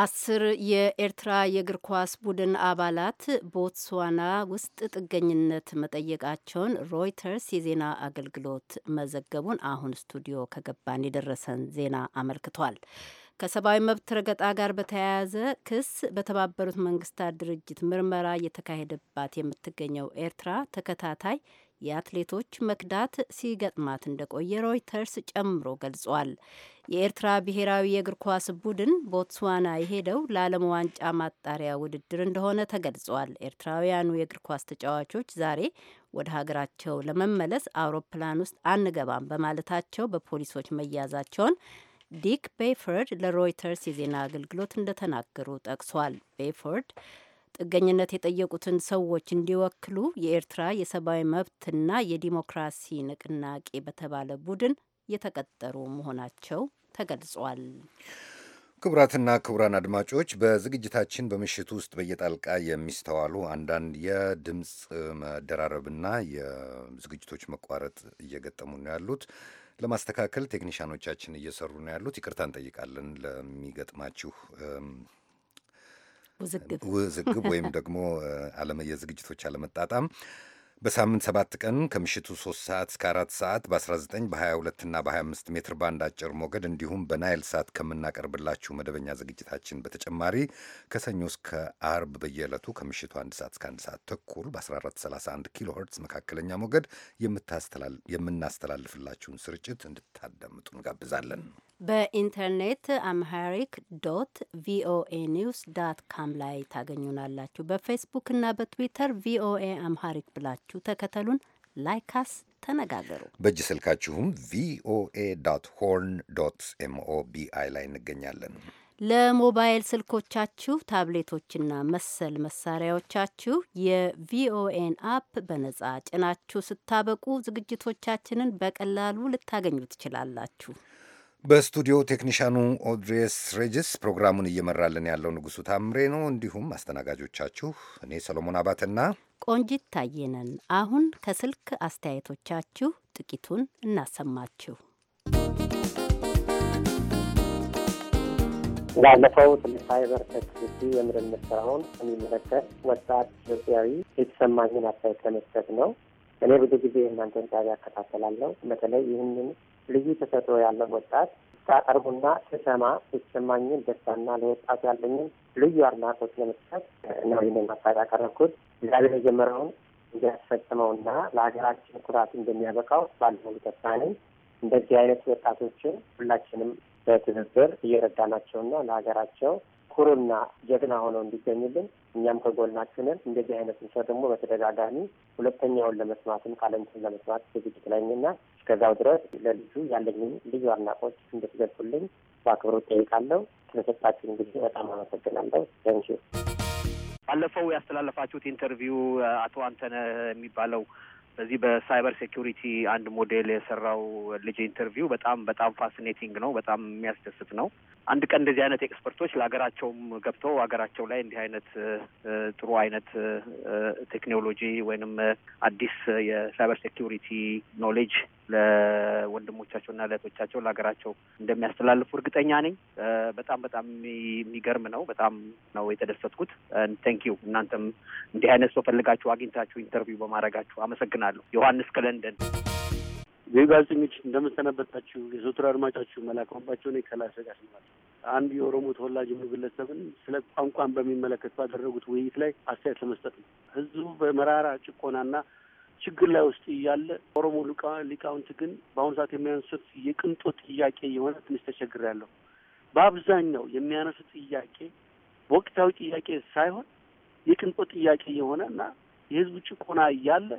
[SPEAKER 2] አስር የኤርትራ የእግር ኳስ ቡድን አባላት ቦትስዋና ውስጥ ጥገኝነት መጠየቃቸውን ሮይተርስ የዜና አገልግሎት መዘገቡን አሁን ስቱዲዮ ከገባን የደረሰን ዜና አመልክቷል። ከሰብአዊ መብት ረገጣ ጋር በተያያዘ ክስ በተባበሩት መንግስታት ድርጅት ምርመራ እየተካሄደባት የምትገኘው ኤርትራ ተከታታይ የአትሌቶች መክዳት ሲገጥማት እንደቆየ ሮይተርስ ጨምሮ ገልጿል። የኤርትራ ብሔራዊ የእግር ኳስ ቡድን ቦትስዋና የሄደው ለዓለም ዋንጫ ማጣሪያ ውድድር እንደሆነ ተገልጿል። ኤርትራውያኑ የእግር ኳስ ተጫዋቾች ዛሬ ወደ ሀገራቸው ለመመለስ አውሮፕላን ውስጥ አንገባም በማለታቸው በፖሊሶች መያዛቸውን ዲክ ቤይፈርድ ለሮይተርስ የዜና አገልግሎት እንደተናገሩ ጠቅሷል። ቤይፈርድ ጥገኝነት የጠየቁትን ሰዎች እንዲወክሉ የኤርትራ የሰብአዊ መብትና የዲሞክራሲ ንቅናቄ በተባለ ቡድን የተቀጠሩ መሆናቸው ተገልጿል።
[SPEAKER 1] ክቡራትና ክቡራን አድማጮች በዝግጅታችን በምሽቱ ውስጥ በየጣልቃ የሚስተዋሉ አንዳንድ የድምፅ መደራረብና የዝግጅቶች መቋረጥ እየገጠሙ ነው ያሉት ለማስተካከል ቴክኒሻኖቻችን እየሰሩ ነው ያሉት። ይቅርታ እንጠይቃለን ለሚገጥማችሁ ውዝግብ ውዝግብ ወይም ደግሞ የዝግጅቶች አለመጣጣም በሳምንት ሰባት ቀን ከምሽቱ 3 ሰዓት እስከ 4 ሰዓት በ19 በ22 እና በ25 ሜትር ባንድ አጭር ሞገድ እንዲሁም በናይል ሳት ከምናቀርብላችሁ መደበኛ ዝግጅታችን በተጨማሪ ከሰኞ እስከ አርብ በየዕለቱ ከምሽቱ 1 ሰዓት እስከ 1 ሰዓት ተኩል በ1431 ኪሎ ሄርትስ መካከለኛ ሞገድ የምናስተላልፍላችሁን ስርጭት እንድታዳምጡ እንጋብዛለን።
[SPEAKER 2] በኢንተርኔት አምሃሪክ ዶት ቪኦኤ ኒውስ ዳት ካም ላይ ታገኙናላችሁ። በፌስቡክና በትዊተር ቪኦኤ አምሃሪክ ብላችሁ ተከተሉን፣ ላይካስ፣ ተነጋገሩ።
[SPEAKER 1] በእጅ ስልካችሁም ቪኦኤ ዶት ሆርን ዶት ቢአይ ላይ እንገኛለን።
[SPEAKER 2] ለሞባይል ስልኮቻችሁ ታብሌቶችና መሰል መሳሪያዎቻችሁ የቪኦኤን አፕ በነጻ ጭናችሁ ስታበቁ ዝግጅቶቻችንን በቀላሉ ልታገኙ ትችላላችሁ።
[SPEAKER 1] በስቱዲዮ ቴክኒሻኑ ኦድሬስ ሬጅስ፣ ፕሮግራሙን እየመራልን ያለው ንጉሱ ታምሬ ነው። እንዲሁም አስተናጋጆቻችሁ እኔ ሰሎሞን አባትና
[SPEAKER 2] ቆንጂት ታየነን። አሁን ከስልክ አስተያየቶቻችሁ ጥቂቱን እናሰማችሁ።
[SPEAKER 9] ባለፈው ትምህርታዊ በረከት ግቢ የምርምር ስራውን የሚመለከት ወጣት ኢትዮጵያዊ የተሰማኝን አስተያየት ለመስጠት ነው። እኔ ብዙ ጊዜ እናንተን ጣቢያ እከታተላለሁ። በተለይ ይህንን ልዩ ተሰጥኦ ያለው ወጣት ሳቀርቡና ስሰማ የተሰማኝን ደስታና ለወጣቱ ያለኝን ልዩ አድናቆት ለመስጠት ነው ይህንን ሀሳብ ያቀረብኩት። እግዚአብሔር የጀመረውን እንዲያስፈጽመውና ለሀገራችን ኩራት እንደሚያበቃው ባለሙሉ ተስፋ ነኝ። እንደዚህ አይነት ወጣቶችን ሁላችንም በትብብር እየረዳናቸውና ለሀገራቸው ኩርና ጀግና ሆነው እንዲገኙልን እኛም ከጎናችሁ ነን። እንደዚህ አይነቱን ሰው ደግሞ በተደጋጋሚ ሁለተኛውን ለመስማትም ካለንትን ለመስማት ዝግጅት እና እስከዛው ድረስ ለልጁ ያለኝን ልዩ አድናቆት እንድትገልጹልኝ በአክብሮት ጠይቃለሁ። ስለሰጣችሁን ጊዜ በጣም አመሰግናለሁ። ተንኪዩ።
[SPEAKER 10] ባለፈው ያስተላለፋችሁት ኢንተርቪው አቶ አንተነህ የሚባለው በዚህ በሳይበር ሴኪሪቲ አንድ ሞዴል የሰራው ልጅ ኢንተርቪው በጣም በጣም ፋሲኔቲንግ ነው። በጣም የሚያስደስት ነው። አንድ ቀን እንደዚህ አይነት ኤክስፐርቶች ለሀገራቸውም ገብተው ሀገራቸው ላይ እንዲህ አይነት ጥሩ አይነት ቴክኖሎጂ ወይንም አዲስ የሳይበር ሴኪሪቲ ኖሌጅ ለወንድሞቻቸውና ለእህቶቻቸው ለሀገራቸው እንደሚያስተላልፉ እርግጠኛ ነኝ። በጣም በጣም የሚገርም ነው። በጣም ነው የተደሰትኩት። ቴንኪዩ። እናንተም እንዲህ አይነት ሰው ፈልጋችሁ አግኝታችሁ ኢንተርቪው በማድረጋችሁ አመሰግናለሁ። ዮሐንስ ከለንደን። ጋዜጠኞች እንደምንሰነበታችሁ። የዘወትር አድማጫችሁ መላክ ነ እኔ ከላሰ አንድ የኦሮሞ ተወላጅ የሆኑ ግለሰብን ስለ ቋንቋን በሚመለከት ባደረጉት ውይይት ላይ አስተያየት ለመስጠት ነው። ህዝቡ በመራራ ጭቆናና ችግር ላይ ውስጥ እያለ ኦሮሞ ሊቃውንት ግን በአሁኑ ሰዓት የሚያነሱት የቅንጦት ጥያቄ የሆነ ትንሽ ተቸግር ያለው በአብዛኛው የሚያነሱት ጥያቄ ወቅታዊ ጥያቄ ሳይሆን የቅንጦት ጥያቄ የሆነ እና የህዝቡ ጭቆና እያለ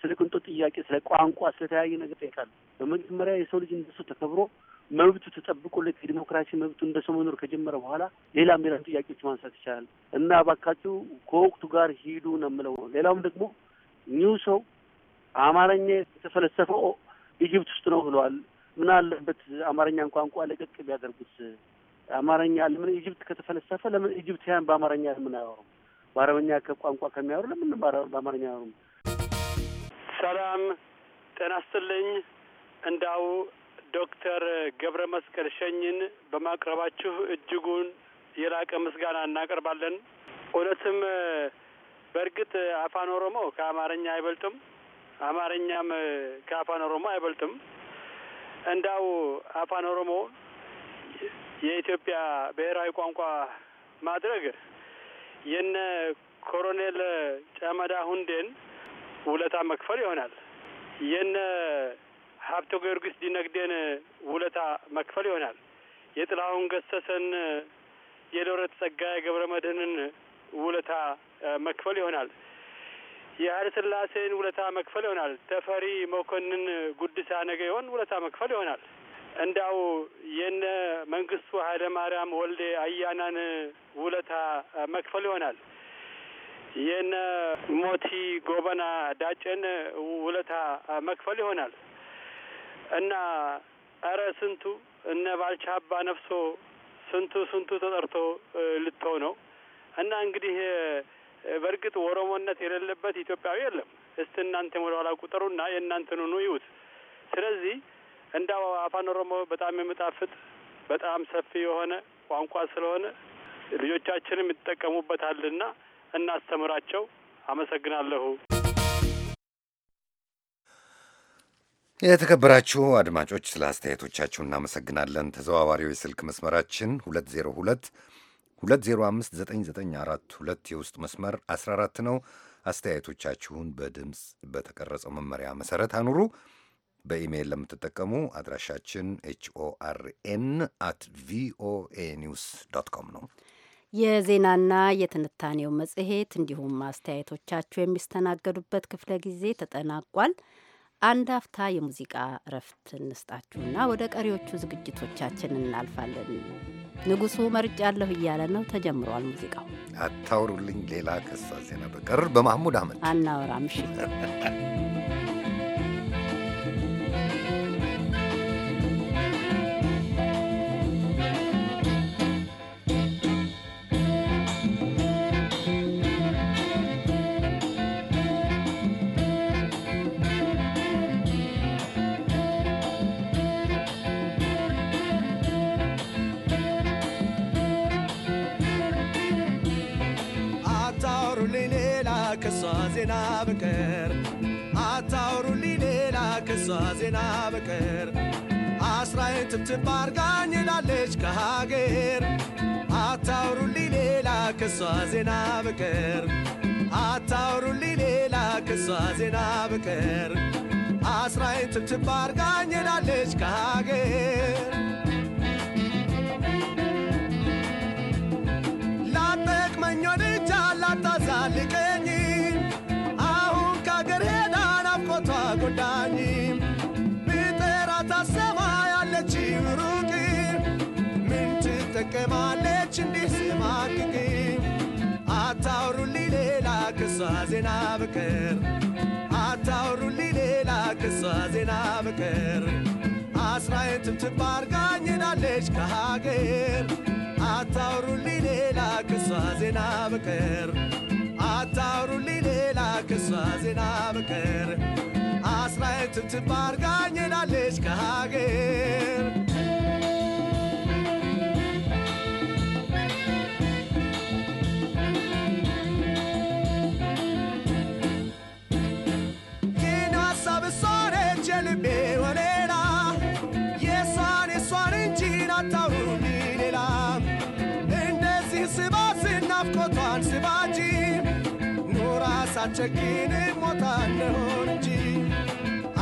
[SPEAKER 10] ስለ ቅንጦት ጥያቄ፣ ስለ ቋንቋ፣ ስለተለያየ ነገር ይጠይቃሉ። በመጀመሪያ የሰው ልጅ እንደሱ ተከብሮ መብቱ ተጠብቆለት የዲሞክራሲ መብቱ እንደ ሰው መኖር ከጀመረ በኋላ ሌላ ሌላም ጥያቄዎች ማንሳት ይቻላል እና እባካችሁ ከወቅቱ ጋር ሂዱ ነው የምለው። ሌላውም ደግሞ እኚሁ ሰው አማርኛ የተፈለሰፈው ኢጅፕት ውስጥ ነው ብለዋል። ምን አለበት አማርኛን ቋንቋ ለቀቅ ቢያደርጉት? አማርኛ ለምን ኢጅፕት ከተፈለሰፈ ለምን ኢጅፕትያን በአማርኛ ለምን አያወሩም? በአረበኛ ቋንቋ ከሚያወሩ ለምን በአማርኛ አያወሩም?
[SPEAKER 3] ሰላም ጤና እንዳው ዶክተር ገብረ መስቀል ሸኝን በማቅረባችሁ እጅጉን የላቀ ምስጋና እናቀርባለን። እውነትም በእርግጥ አፋን ኦሮሞ ከአማርኛ አይበልጥም። አማርኛም ከአፋን ኦሮሞ አይበልጥም። እንዳው አፋን ኦሮሞ የኢትዮጵያ ብሔራዊ ቋንቋ ማድረግ የነ ኮሎኔል ጨመዳ ሁንዴን ውለታ መክፈል ይሆናል። የነ ሀብተ ጊዮርጊስ ዲነግዴን ውለታ መክፈል ይሆናል። የጥላሁን ገሰሰን የሎሬት ጸጋዬ ገብረ መድህንን ውለታ መክፈል ይሆናል። የኃይለ ሥላሴን ውለታ መክፈል ይሆናል። ተፈሪ መኮንን ጉድሳ ነገ ይሆን ውለታ መክፈል ይሆናል። እንዳው የነ መንግስቱ ኃይለ ማርያም ወልዴ አያናን ውለታ መክፈል ይሆናል። የነ ሞቲ ጎበና ዳጨን ውለታ መክፈል ይሆናል እና እረ ስንቱ እነ ባልቻ አባ ነፍሶ ስንቱ ስንቱ ተጠርቶ ልቶ ነው እና እንግዲህ በእርግጥ ኦሮሞነት የሌለበት ኢትዮጵያዊ የለም። እስቲ እናንተ ወደኋላ ቁጠሩና የእናንተን ኑ ይዩት። ስለዚህ እንደ አፋን ኦሮሞ በጣም የሚጣፍጥ በጣም ሰፊ የሆነ ቋንቋ ስለሆነ ልጆቻችንም ይጠቀሙበታልና እናስተምራቸው። አመሰግናለሁ።
[SPEAKER 1] የተከበራችሁ አድማጮች ስለ አስተያየቶቻችሁ እናመሰግናለን። ተዘዋዋሪው የስልክ መስመራችን 202 205942 የውስጥ መስመር 14 ነው። አስተያየቶቻችሁን በድምፅ በተቀረጸው መመሪያ መሰረት አኑሩ። በኢሜይል ለምትጠቀሙ አድራሻችን ኤችኦአርኤን አት ቪኦኤ ኒውስ ዶት ኮም ነው።
[SPEAKER 2] የዜናና የትንታኔው መጽሔት እንዲሁም አስተያየቶቻችሁ የሚስተናገዱበት ክፍለ ጊዜ ተጠናቋል። አንድ አፍታ የሙዚቃ እረፍት እንስጣችሁና ወደ ቀሪዎቹ ዝግጅቶቻችን እናልፋለን። ንጉሱ መርጫለሁ እያለ ነው። ተጀምሯል ሙዚቃው።
[SPEAKER 1] አታውሩልኝ ሌላ ከሳ ዜና በቀር በማህሙድ አህመድ
[SPEAKER 2] አናወራም። እሺ
[SPEAKER 11] ጭብጭብ አርጋኝ ላለች ከሀገር አታውሩልኝ ሌላ ክሷ ዜና በቀር አታውሩልኝ ሌላ ከሷ ዜና በቀር አስራዬን ጭብጭብ አርጋኝ ላለች ከሀገር ዜና በቀር አታውሩልኝ ሌላ ክሷ ዜና በቀር አስራዬን ትብትብ አርጋኝ ሄዳለች ከሀገር አታውሩልኝ ሌላ ክሷ ዜና በቀር አታውሩልኝ ሌላ ክሷ ዜና በቀር አስራዬን ትብትብ አርጋኝ ሄዳለች ከሀገር ሳትቸኪን ሞታለሁ እንጂ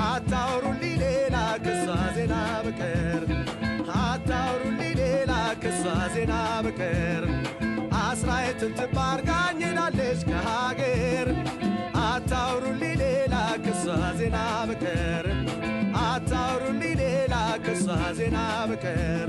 [SPEAKER 11] አታውሩልኝ ሌላ ክሷ ዜና በቀር አታውሩልኝ ሌላ ክሷ ዜና በቀር አስራይትን ትባርጋኝ ከሀገር አታውሩልኝ ሌላ ክሷ ዜና በቀር አታውሩልኝ ሌላ ክሷ ዜና በቀር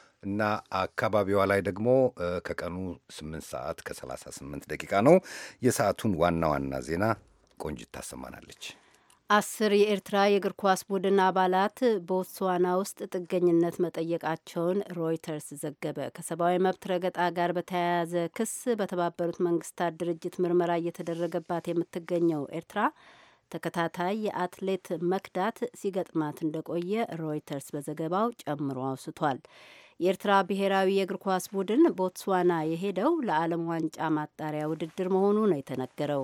[SPEAKER 1] እና አካባቢዋ ላይ ደግሞ ከቀኑ 8 ሰዓት ከ38 ደቂቃ ነው። የሰዓቱን ዋና ዋና ዜና ቆንጅት ታሰማናለች።
[SPEAKER 2] አስር የኤርትራ የእግር ኳስ ቡድን አባላት ቦትስዋና ውስጥ ጥገኝነት መጠየቃቸውን ሮይተርስ ዘገበ። ከሰብአዊ መብት ረገጣ ጋር በተያያዘ ክስ በተባበሩት መንግስታት ድርጅት ምርመራ እየተደረገባት የምትገኘው ኤርትራ ተከታታይ የአትሌት መክዳት ሲገጥማት እንደቆየ ሮይተርስ በዘገባው ጨምሮ አውስቷል። የኤርትራ ብሔራዊ የእግር ኳስ ቡድን ቦትስዋና የሄደው ለዓለም ዋንጫ ማጣሪያ ውድድር መሆኑ ነው የተነገረው።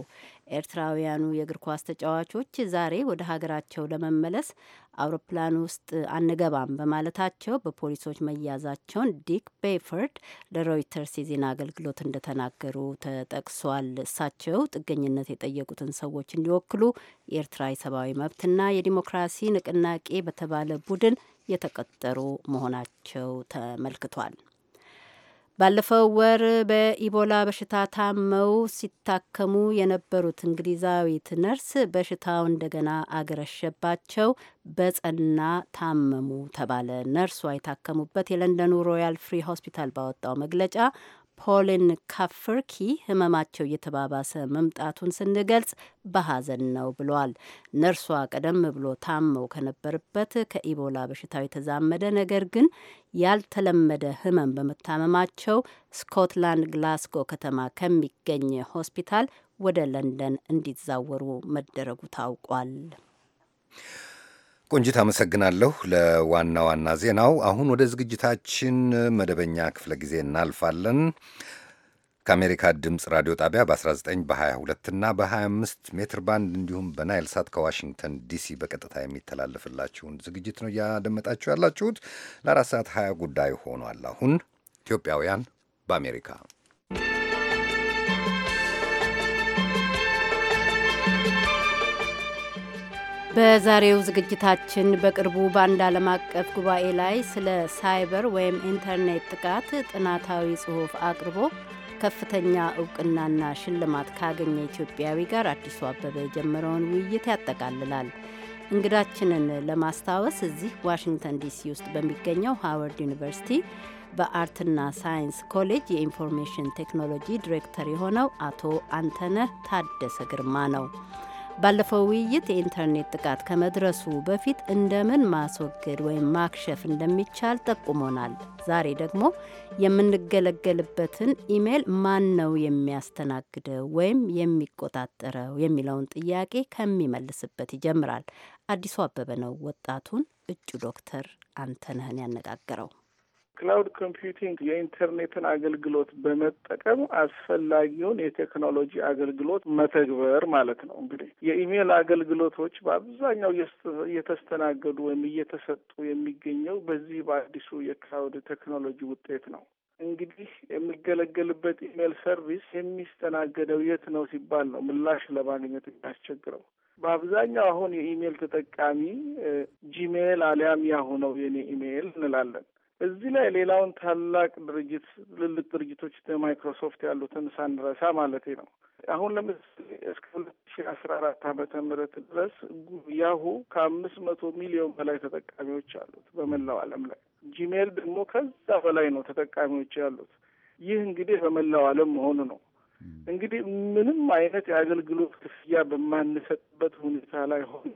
[SPEAKER 2] ኤርትራውያኑ የእግር ኳስ ተጫዋቾች ዛሬ ወደ ሀገራቸው ለመመለስ አውሮፕላን ውስጥ አንገባም በማለታቸው በፖሊሶች መያዛቸውን ዲክ ቤፈርድ ለሮይተርስ የዜና አገልግሎት እንደተናገሩ ተጠቅሷል። እሳቸው ጥገኝነት የጠየቁትን ሰዎች እንዲወክሉ የኤርትራ የሰብአዊ መብትና የዲሞክራሲ ንቅናቄ በተባለ ቡድን የተቀጠሩ መሆናቸው ተመልክቷል። ባለፈው ወር በኢቦላ በሽታ ታመው ሲታከሙ የነበሩት እንግሊዛዊት ነርስ በሽታው እንደገና አገረሸባቸው፣ በጸና ታመሙ ተባለ። ነርሷ የታከሙበት የለንደኑ ሮያል ፍሪ ሆስፒታል ባወጣው መግለጫ ፖሊን ካፈርኪ ህመማቸው እየተባባሰ መምጣቱን ስንገልጽ በሐዘን ነው ብሏል። ነርሷ ቀደም ብሎ ታመው ከነበረበት ከኢቦላ በሽታው የተዛመደ ነገር ግን ያልተለመደ ህመም በመታመማቸው ስኮትላንድ ግላስጎ ከተማ ከሚገኝ ሆስፒታል ወደ ለንደን እንዲዛወሩ መደረጉ ታውቋል።
[SPEAKER 1] ቆንጂት አመሰግናለሁ ለዋና ዋና ዜናው። አሁን ወደ ዝግጅታችን መደበኛ ክፍለ ጊዜ እናልፋለን። ከአሜሪካ ድምፅ ራዲዮ ጣቢያ በ19 በ22 እና በ25 ሜትር ባንድ እንዲሁም በናይል ሳት ከዋሽንግተን ዲሲ በቀጥታ የሚተላለፍላችሁን ዝግጅት ነው እያደመጣችሁ ያላችሁት። ለአራት ሰዓት 20 ጉዳይ ሆኗል። አሁን ኢትዮጵያውያን በአሜሪካ
[SPEAKER 2] በዛሬው ዝግጅታችን በቅርቡ በአንድ ዓለም አቀፍ ጉባኤ ላይ ስለ ሳይበር ወይም ኢንተርኔት ጥቃት ጥናታዊ ጽሑፍ አቅርቦ ከፍተኛ እውቅናና ሽልማት ካገኘ ኢትዮጵያዊ ጋር አዲሱ አበበ የጀመረውን ውይይት ያጠቃልላል። እንግዳችንን ለማስታወስ እዚህ ዋሽንግተን ዲሲ ውስጥ በሚገኘው ሃዋርድ ዩኒቨርሲቲ በአርትና ሳይንስ ኮሌጅ የኢንፎርሜሽን ቴክኖሎጂ ዲሬክተር የሆነው አቶ አንተነህ ታደሰ ግርማ ነው። ባለፈው ውይይት የኢንተርኔት ጥቃት ከመድረሱ በፊት እንደምን ማስወገድ ወይም ማክሸፍ እንደሚቻል ጠቁሞናል። ዛሬ ደግሞ የምንገለገልበትን ኢሜል ማን ነው የሚያስተናግደው ወይም የሚቆጣጠረው የሚለውን ጥያቄ ከሚመልስበት ይጀምራል። አዲሱ አበበ ነው ወጣቱን እጩ ዶክተር አንተነህን ያነጋገረው።
[SPEAKER 8] ክላውድ ኮምፒውቲንግ የኢንተርኔትን አገልግሎት በመጠቀም አስፈላጊውን የቴክኖሎጂ አገልግሎት መተግበር ማለት ነው። እንግዲህ የኢሜል አገልግሎቶች በአብዛኛው እየተስተናገዱ ወይም እየተሰጡ የሚገኘው በዚህ በአዲሱ የክላውድ ቴክኖሎጂ ውጤት ነው። እንግዲህ የሚገለገልበት ኢሜል ሰርቪስ የሚስተናገደው የት ነው ሲባል ነው ምላሽ ለማግኘት የሚያስቸግረው። በአብዛኛው አሁን የኢሜል ተጠቃሚ ጂሜል አሊያም ያሁ ነው የኔ ኢሜል እንላለን። እዚህ ላይ ሌላውን ታላቅ ድርጅት ትልልቅ ድርጅቶች ማይክሮሶፍት ያሉትን ሳንረሳ ማለት ነው። አሁን ለምሳሌ እስከ ሁለት ሺ አስራ አራት አመተ ምህረት ድረስ ያሁ ከአምስት መቶ ሚሊዮን በላይ ተጠቃሚዎች አሉት በመላው ዓለም ላይ ጂሜል ደግሞ ከዛ በላይ ነው ተጠቃሚዎች ያሉት። ይህ እንግዲህ በመላው ዓለም መሆኑ ነው። እንግዲህ ምንም አይነት የአገልግሎት ክፍያ በማንሰጥበት ሁኔታ ላይ ሆን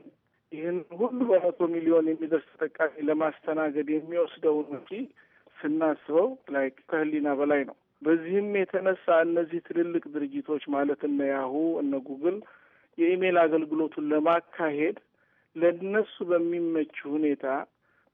[SPEAKER 8] ይህን ሁሉ በመቶ ሚሊዮን የሚደርስ ተጠቃሚ ለማስተናገድ የሚወስደውን እንጂ ስናስበው ላይ ከህሊና በላይ ነው። በዚህም የተነሳ እነዚህ ትልልቅ ድርጅቶች ማለት እነ ያሁ እነ ጉግል የኢሜል አገልግሎቱን ለማካሄድ ለእነሱ በሚመች ሁኔታ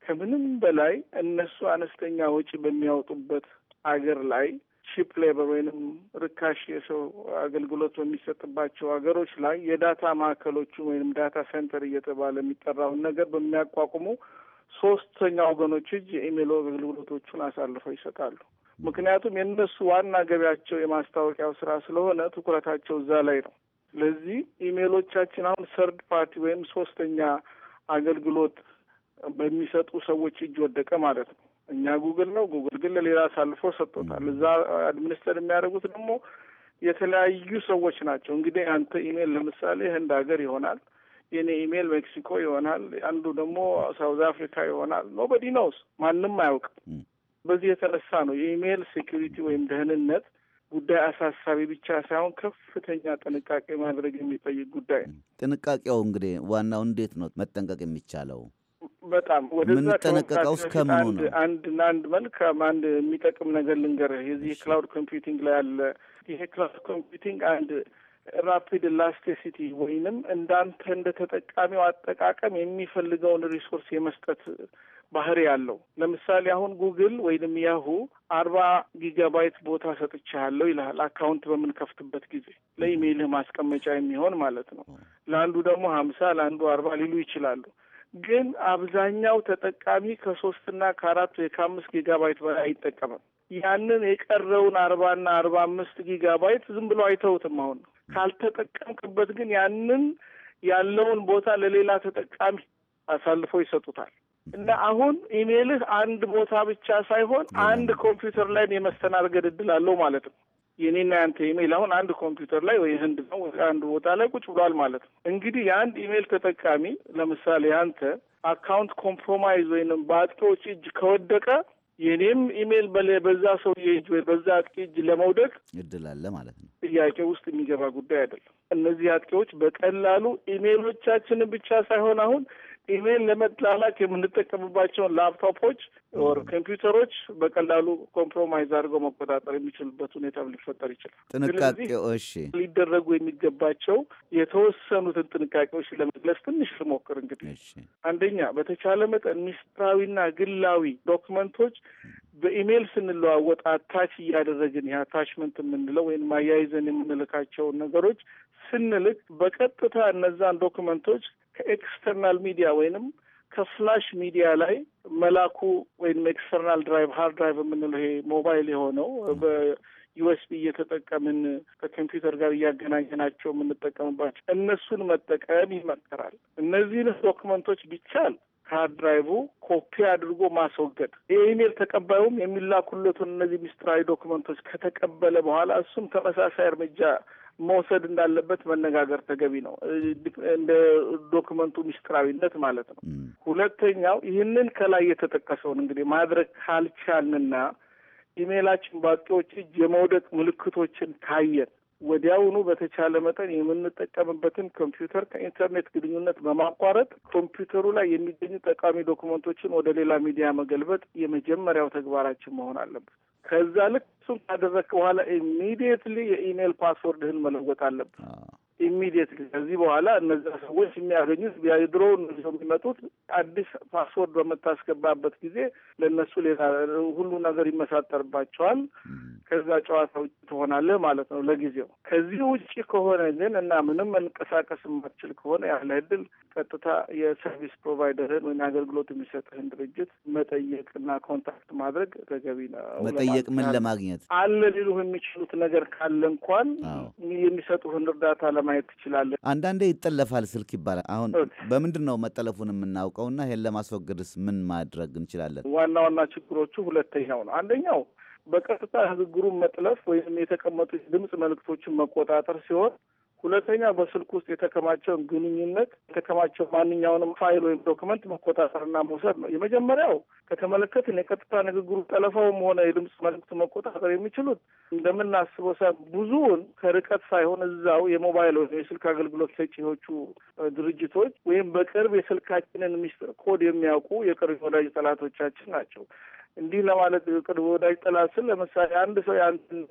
[SPEAKER 8] ከምንም በላይ እነሱ አነስተኛ ወጪ በሚያወጡበት አገር ላይ ቺፕ ሌበር ወይንም ርካሽ የሰው አገልግሎት በሚሰጥባቸው ሀገሮች ላይ የዳታ ማዕከሎቹ ወይንም ዳታ ሴንተር እየተባለ የሚጠራውን ነገር በሚያቋቁሙ ሶስተኛ ወገኖች እጅ የኢሜይል አገልግሎቶቹን አሳልፈው ይሰጣሉ። ምክንያቱም የእነሱ ዋና ገቢያቸው የማስታወቂያው ስራ ስለሆነ ትኩረታቸው እዛ ላይ ነው። ስለዚህ ኢሜሎቻችን አሁን ሰርድ ፓርቲ ወይም ሶስተኛ አገልግሎት በሚሰጡ ሰዎች እጅ ወደቀ ማለት ነው። እኛ ጉግል ነው። ጉግል ግን ለሌላ አሳልፎ ሰጥቶታል። እዛ አድሚኒስተር የሚያደርጉት ደግሞ የተለያዩ ሰዎች ናቸው። እንግዲህ አንተ ኢሜይል ለምሳሌ ህንድ ሀገር ይሆናል፣ የኔ ኢሜይል ሜክሲኮ ይሆናል፣ አንዱ ደግሞ ሳውዝ አፍሪካ ይሆናል። ኖበዲ ነውስ ማንም አያውቅም። በዚህ የተነሳ ነው የኢሜይል ሴኪሪቲ ወይም ደህንነት ጉዳይ አሳሳቢ ብቻ ሳይሆን ከፍተኛ ጥንቃቄ ማድረግ የሚጠይቅ ጉዳይ ነው።
[SPEAKER 5] ጥንቃቄው እንግዲህ ዋናው እንዴት ነው መጠንቀቅ የሚቻለው?
[SPEAKER 8] በጣም የምንጠነቀቀው እስከምኑ ነው? አንድና አንድ መልካም አንድ የሚጠቅም ነገር ልንገርህ። የዚህ የክላውድ ኮምፒውቲንግ ላይ አለ። ይሄ ክላውድ ኮምፒውቲንግ አንድ ራፒድ ላስቲሲቲ ወይንም እንዳንተ እንደ ተጠቃሚው አጠቃቀም የሚፈልገውን ሪሶርስ የመስጠት ባህሪ ያለው። ለምሳሌ አሁን ጉግል ወይንም ያሁ አርባ ጊጋባይት ቦታ ሰጥቻለሁ ይልሃል። አካውንት በምንከፍትበት ጊዜ ለኢሜይልህ ማስቀመጫ የሚሆን ማለት ነው። ለአንዱ ደግሞ ሀምሳ ለአንዱ አርባ ሊሉ ይችላሉ። ግን አብዛኛው ተጠቃሚ ከሶስትና ከአራት ወይ ከአምስት ጊጋባይት በላይ አይጠቀምም። ያንን የቀረውን አርባና አርባ አምስት ጊጋባይት ዝም ብሎ አይተውትም። አሁን ካልተጠቀምክበት ግን ያንን ያለውን ቦታ ለሌላ ተጠቃሚ አሳልፎ ይሰጡታል። እና አሁን ኢሜልህ አንድ ቦታ ብቻ ሳይሆን አንድ ኮምፒውተር ላይ የመስተናገድ እድል አለው ማለት ነው። የኔና ያንተ ኢሜይል አሁን አንድ ኮምፒውተር ላይ ወይ ህንድ ነው አንድ ቦታ ላይ ቁጭ ብሏል ማለት ነው። እንግዲህ የአንድ ኢሜይል ተጠቃሚ ለምሳሌ አንተ አካውንት ኮምፕሮማይዝ ወይንም በአጥቂዎች እጅ ከወደቀ የኔም ኢሜይል በዛ ሰውዬ እጅ ወይ በዛ አጥቂ እጅ ለመውደቅ
[SPEAKER 5] እድል አለ ማለት ነው።
[SPEAKER 8] ጥያቄ ውስጥ የሚገባ ጉዳይ አይደለም። እነዚህ አጥቂዎች በቀላሉ ኢሜይሎቻችንን ብቻ ሳይሆን አሁን ኢሜይል ለመላላክ የምንጠቀምባቸውን ላፕቶፖች ወር ኮምፒውተሮች በቀላሉ ኮምፕሮማይዝ አድርገው መቆጣጠር የሚችሉበት ሁኔታ ሊፈጠር ይችላል። ጥንቃቄዎች ሊደረጉ የሚገባቸው የተወሰኑትን ጥንቃቄዎች ለመግለጽ ትንሽ ልሞክር። እንግዲህ አንደኛ፣ በተቻለ መጠን ሚስጥራዊና ግላዊ ዶክመንቶች በኢሜይል ስንለዋወጥ አታች እያደረግን የአታችመንት የምንለው ወይም አያይዘን የምንልካቸውን ነገሮች ስንልክ በቀጥታ እነዛን ዶክመንቶች ከኤክስተርናል ሚዲያ ወይንም ከፍላሽ ሚዲያ ላይ መላኩ ወይም ኤክስተርናል ድራይቭ ሃርድ ድራይቭ የምንለው ይሄ ሞባይል የሆነው በዩኤስቢ እየተጠቀምን ከኮምፒውተር ጋር እያገናኘናቸው የምንጠቀምባቸው እነሱን መጠቀም ይመከራል። እነዚህን ዶክመንቶች ቢቻል ሃርድ ድራይቭ ኮፒ አድርጎ ማስወገድ፣ የኢሜል ተቀባዩም የሚላኩለቱን እነዚህ ሚስጥራዊ ዶክመንቶች ከተቀበለ በኋላ እሱም ተመሳሳይ እርምጃ መውሰድ እንዳለበት መነጋገር ተገቢ ነው። እንደ ዶክመንቱ ሚስጥራዊነት ማለት ነው። ሁለተኛው ይህንን ከላይ የተጠቀሰውን እንግዲህ ማድረግ ካልቻልንና ኢሜይላችን በአጥቂዎች እጅ የመውደቅ ምልክቶችን ካየን ወዲያውኑ በተቻለ መጠን የምንጠቀምበትን ኮምፒውተር ከኢንተርኔት ግንኙነት በማቋረጥ ኮምፒውተሩ ላይ የሚገኙ ጠቃሚ ዶክመንቶችን ወደ ሌላ ሚዲያ መገልበጥ የመጀመሪያው ተግባራችን መሆን አለበት። ከዛ ልክ እሱን ካደረግክ በኋላ ኢሚዲየትሊ የኢሜይል ፓስወርድህን መለወጥ አለብህ። ኢሚዲየትሊ ከዚህ በኋላ እነዚ ሰዎች የሚያገኙት የድሮውን ይዘው የሚመጡት አዲስ ፓስወርድ በምታስገባበት ጊዜ ለእነሱ ሌላ ሁሉ ነገር ይመሳጠርባቸዋል። ከዛ ጨዋታ ውጭ ትሆናለህ ማለት ነው ለጊዜው። ከዚህ ውጭ ከሆነ ግን እና ምንም መንቀሳቀስ የማትችል ከሆነ ያለ እድል ቀጥታ የሰርቪስ ፕሮቫይደርን ወይም አገልግሎት የሚሰጥህን ድርጅት መጠየቅ እና ኮንታክት ማድረግ ተገቢ ነው። መጠየቅ ምን ለማግኘት አለ ሊሉህ የሚችሉት ነገር ካለ እንኳን የሚሰጡህን እርዳታ ማየት ትችላለህ።
[SPEAKER 5] አንዳንዴ ይጠለፋል ስልክ ይባላል። አሁን በምንድን ነው መጠለፉን ና ይሄን ለማስወገድስ ምን ማድረግ እንችላለን?
[SPEAKER 8] ዋና ዋና ችግሮቹ ሁለተኛው ነው። አንደኛው በቀጥታ ንግግሩን መጥለፍ ወይም የተቀመጡ ድምፅ መልእክቶችን መቆጣጠር ሲሆን ሁለተኛ በስልክ ውስጥ የተከማቸውን ግንኙነት የተከማቸው ማንኛውንም ፋይል ወይም ዶክመንት መቆጣጠርና መውሰድ ነው። የመጀመሪያው ከተመለከትን የቀጥታ ንግግሩ ጠለፋውም ሆነ የድምፅ መልዕክቱ መቆጣጠር የሚችሉት እንደምናስበው ሳይሆን ብዙውን ከርቀት ሳይሆን እዛው የሞባይል ወይም የስልክ አገልግሎት ሰጪዎቹ ድርጅቶች ወይም በቅርብ የስልካችንን ሚስጥር ኮድ የሚያውቁ የቅርብ ወዳጅ ጠላቶቻችን ናቸው። እንዲህ ለማለት ቅርብ ወዳጅ ጠላት ስል ለምሳሌ አንድ ሰው የአንድን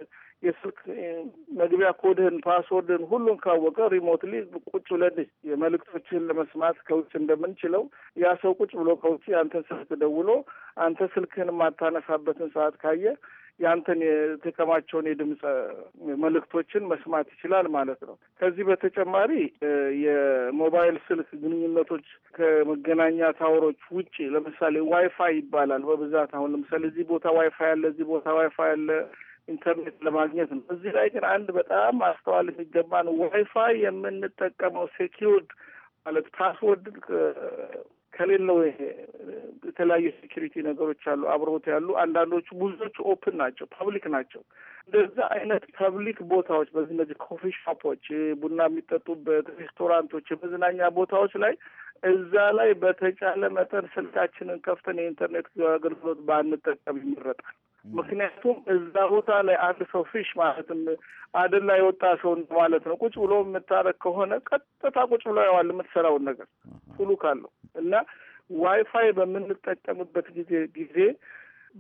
[SPEAKER 8] የስልክ መግቢያ ኮድህን ፓስወርድህን ሁሉን ካወቀ ሪሞትሊ ቁጭ ብለን የመልእክቶችህን ለመስማት ከውጭ እንደምንችለው ያ ሰው ቁጭ ብሎ ከውጭ የአንተን ስልክ ደውሎ አንተ ስልክህን የማታነሳበትን ሰዓት ካየ ያንተን የተከማቸውን የድምፅ መልእክቶችን መስማት ይችላል ማለት ነው። ከዚህ በተጨማሪ የሞባይል ስልክ ግንኙነቶች ከመገናኛ ታወሮች ውጭ ለምሳሌ ዋይፋይ ይባላል በብዛት አሁን ለምሳሌ እዚህ ቦታ ዋይፋይ አለ፣ እዚህ ቦታ ዋይፋይ አለ ኢንተርኔት ለማግኘት ነው። እዚህ ላይ ግን አንድ በጣም አስተዋል የሚገባ ነው። ዋይፋይ የምንጠቀመው ሴኪርድ ማለት ፓስወርድ ከሌለው የተለያዩ ሴኪሪቲ ነገሮች አሉ አብረውት ያሉ አንዳንዶቹ ብዙዎቹ ኦፕን ናቸው፣ ፐብሊክ ናቸው። እንደዛ አይነት ፐብሊክ ቦታዎች በዚህ እነዚህ ኮፊ ሻፖች፣ ቡና የሚጠጡበት ሬስቶራንቶች፣ የመዝናኛ ቦታዎች ላይ እዛ ላይ በተቻለ መጠን ስልካችንን ከፍተን የኢንተርኔት አገልግሎት ባንጠቀም ይመረጣል። ምክንያቱም እዛ ቦታ ላይ አንድ ሰው ፊሽ ማለትም አደን ላይ የወጣ ሰው ማለት ነው። ቁጭ ብሎ የምታረግ ከሆነ ቀጥታ ቁጭ ብሎ ያዋል የምትሰራውን ነገር ሁሉ ካለው እና ዋይፋይ በምንጠቀምበት ጊዜ ጊዜ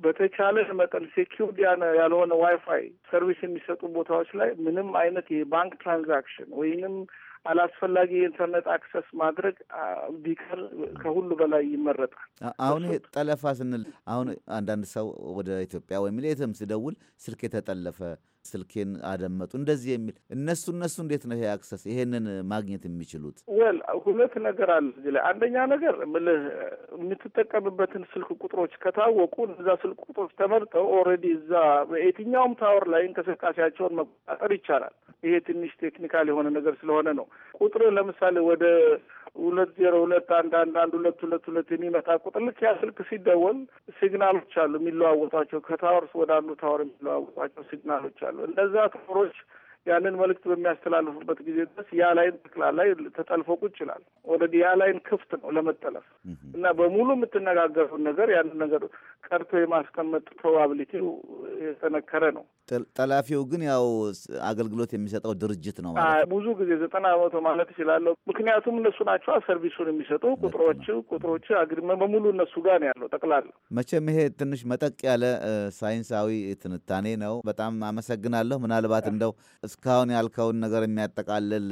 [SPEAKER 8] በተቻለ መጠን ሴኪውርድ ያልሆነ ዋይፋይ ሰርቪስ የሚሰጡ ቦታዎች ላይ ምንም አይነት የባንክ ትራንዛክሽን ወይንም አላስፈላጊ የኢንተርኔት አክሰስ ማድረግ ቢቀር ከሁሉ በላይ ይመረጣል።
[SPEAKER 5] አሁን ጠለፋ ስንል አሁን አንዳንድ ሰው ወደ ኢትዮጵያ ወይም የትም ሲደውል ስልክ የተጠለፈ ስልኬን አደመጡ እንደዚህ የሚል እነሱ እነሱ እንዴት ነው ይሄ አክሰስ ይሄንን ማግኘት የሚችሉት?
[SPEAKER 8] ወል ሁለት ነገር አለ እዚህ ላይ። አንደኛ ነገር ምልህ የምትጠቀምበትን ስልክ ቁጥሮች ከታወቁ እዛ ስልክ ቁጥሮች ተመርጠው ኦልሬዲ እዛ የትኛውም ታወር ላይ እንቅስቃሴያቸውን መቆጣጠር ይቻላል። ይሄ ትንሽ ቴክኒካል የሆነ ነገር ስለሆነ ነው። ቁጥር ለምሳሌ ወደ ሁለት ዜሮ ሁለት አንድ አንድ አንድ ሁለት ሁለት ሁለት የሚመታ ቁጥር ልክ ያ ስልክ ሲደወል ሲግናሎች አሉ የሚለዋወጧቸው ከታወርስ ወደ አንዱ ታወር የሚለዋወጧቸው ሲግናሎች አሉ። እነዛ ታወሮች ያንን መልእክት በሚያስተላልፉበት ጊዜ ድረስ ያ ላይን ጠቅላላይ ተጠልፎ ቁጭ ይላል። ኦልሬዲ ያ ላይን ክፍት ነው ለመጠለፍ እና በሙሉ የምትነጋገሩን ነገር ያንን ነገር ቀርቶ የማስቀመጥ ፕሮባብሊቲው የተነከረ ነው።
[SPEAKER 5] ጠላፊው ግን ያው አገልግሎት የሚሰጠው ድርጅት ነው
[SPEAKER 8] ማለት ብዙ ጊዜ ዘጠና በመቶ ማለት ይችላለሁ። ምክንያቱም እነሱ ናቸው ሰርቪሱን የሚሰጡ ቁጥሮች ቁጥሮች አግሪመንት በሙሉ እነሱ ጋር ነው ያለው ጠቅላላ።
[SPEAKER 5] መቼም ይሄ ትንሽ መጠቅ ያለ ሳይንሳዊ ትንታኔ ነው። በጣም አመሰግናለሁ። ምናልባት እንደው እስካሁን ያልከውን ነገር የሚያጠቃልል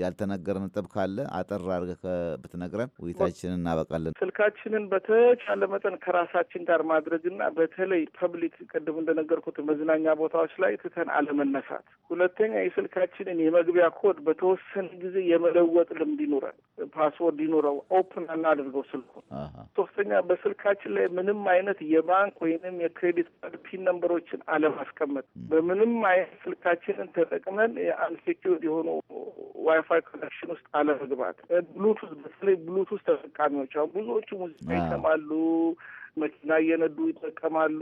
[SPEAKER 5] ያልተነገረ ነጥብ ካለ አጠር አድርገህ ብትነግረን ውይይታችንን እናበቃለን።
[SPEAKER 8] ስልካችንን በተቻለ መጠን ከራሳችን ጋር ማድረግና በተለይ ፐብሊክ ቅድም እንደነገርኩት መዝናኛ ቦታዎች ላይ ትተን አለመነሳት። ሁለተኛ የስልካችንን የመግቢያ ኮድ በተወሰነ ጊዜ የመለወጥ ልምድ ይኑረን፣ ፓስወርድ ይኑረው፣ ኦፕን አናድርገው ስልኩን። ሶስተኛ በስልካችን ላይ ምንም አይነት የባንክ ወይንም የክሬዲት ፒን ነምበሮችን አለማስቀመጥ በምንም አይነት ስልካችንን ተጠቅመን የአንሴኪር የሆኑ ዋይፋይ ኮኔክሽን ውስጥ አለመግባት፣ ብሉቱዝ በተለይ ብሉቱዝ ተጠቃሚዎች አሁን ብዙዎቹ ሙዚቃ ይሰማሉ፣ መኪና እየነዱ ይጠቀማሉ።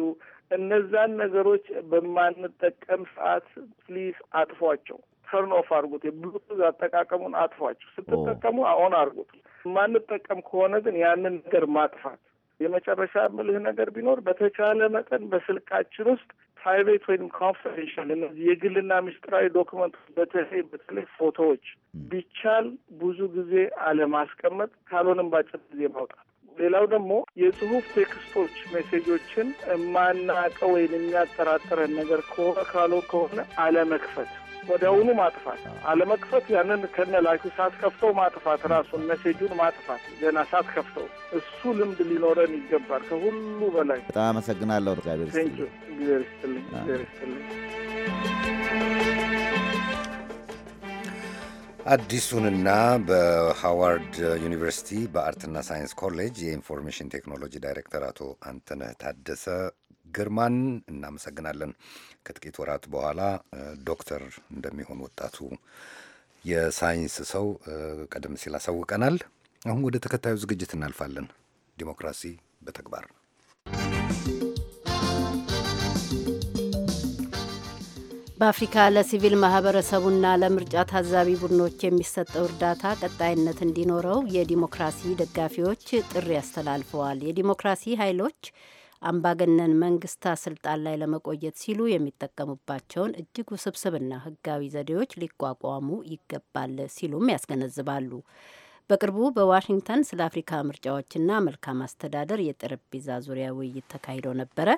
[SPEAKER 8] እነዛን ነገሮች በማንጠቀም ሰዓት ፕሊዝ አጥፏቸው። ተርን ኦፍ አድርጉት። የብሉቱዝ አጠቃቀሙን አጥፏቸው። ስትጠቀሙ አሁን አድርጉት። የማንጠቀም ከሆነ ግን ያንን ነገር ማጥፋት የመጨረሻ ምልህ ነገር ቢኖር በተቻለ መጠን በስልካችን ውስጥ ሻይ ቤት ወይም እነዚህ የግልና ምስጢራዊ ዶክመንቶች በተለይ በተለይ ፎቶዎች ቢቻል ብዙ ጊዜ አለማስቀመጥ፣ ካልሆነም ባጭር ጊዜ ማውጣት። ሌላው ደግሞ የጽሁፍ ቴክስቶች ሜሴጆችን የማናውቀው ወይም የሚያጠራጥረን ነገር ከሆነ ካሎ ከሆነ አለመክፈት ወዲያውኑ ማጥፋት፣ አለመክፈት፣ ያንን ከነ ላኪው ሳትከፍተው ማጥፋት፣ ራሱን መሴጁን ማጥፋት ገና ሳትከፍተው። እሱ ልምድ ሊኖረን ይገባል። ከሁሉ በላይ
[SPEAKER 1] በጣም አመሰግናለሁ። እግዚአብሔር ይስጥልኝ። አዲሱንና በሃዋርድ ዩኒቨርሲቲ በአርትና ሳይንስ ኮሌጅ የኢንፎርሜሽን ቴክኖሎጂ ዳይሬክተር አቶ አንተነህ ታደሰ ግርማን እናመሰግናለን። ከጥቂት ወራት በኋላ ዶክተር እንደሚሆን ወጣቱ የሳይንስ ሰው ቀደም ሲል አሳውቀናል። አሁን ወደ ተከታዩ ዝግጅት እናልፋለን። ዲሞክራሲ በተግባር
[SPEAKER 2] በአፍሪካ ለሲቪል ማህበረሰቡና ለምርጫ ታዛቢ ቡድኖች የሚሰጠው እርዳታ ቀጣይነት እንዲኖረው የዲሞክራሲ ደጋፊዎች ጥሪ አስተላልፈዋል። የዲሞክራሲ ኃይሎች አምባገነን መንግስታት ስልጣን ላይ ለመቆየት ሲሉ የሚጠቀሙባቸውን እጅግ ውስብስብና ህጋዊ ዘዴዎች ሊቋቋሙ ይገባል ሲሉም ያስገነዝባሉ። በቅርቡ በዋሽንግተን ስለ አፍሪካ ምርጫዎችና መልካም አስተዳደር የጠረጴዛ ዙሪያ ውይይት ተካሂዶ ነበረ።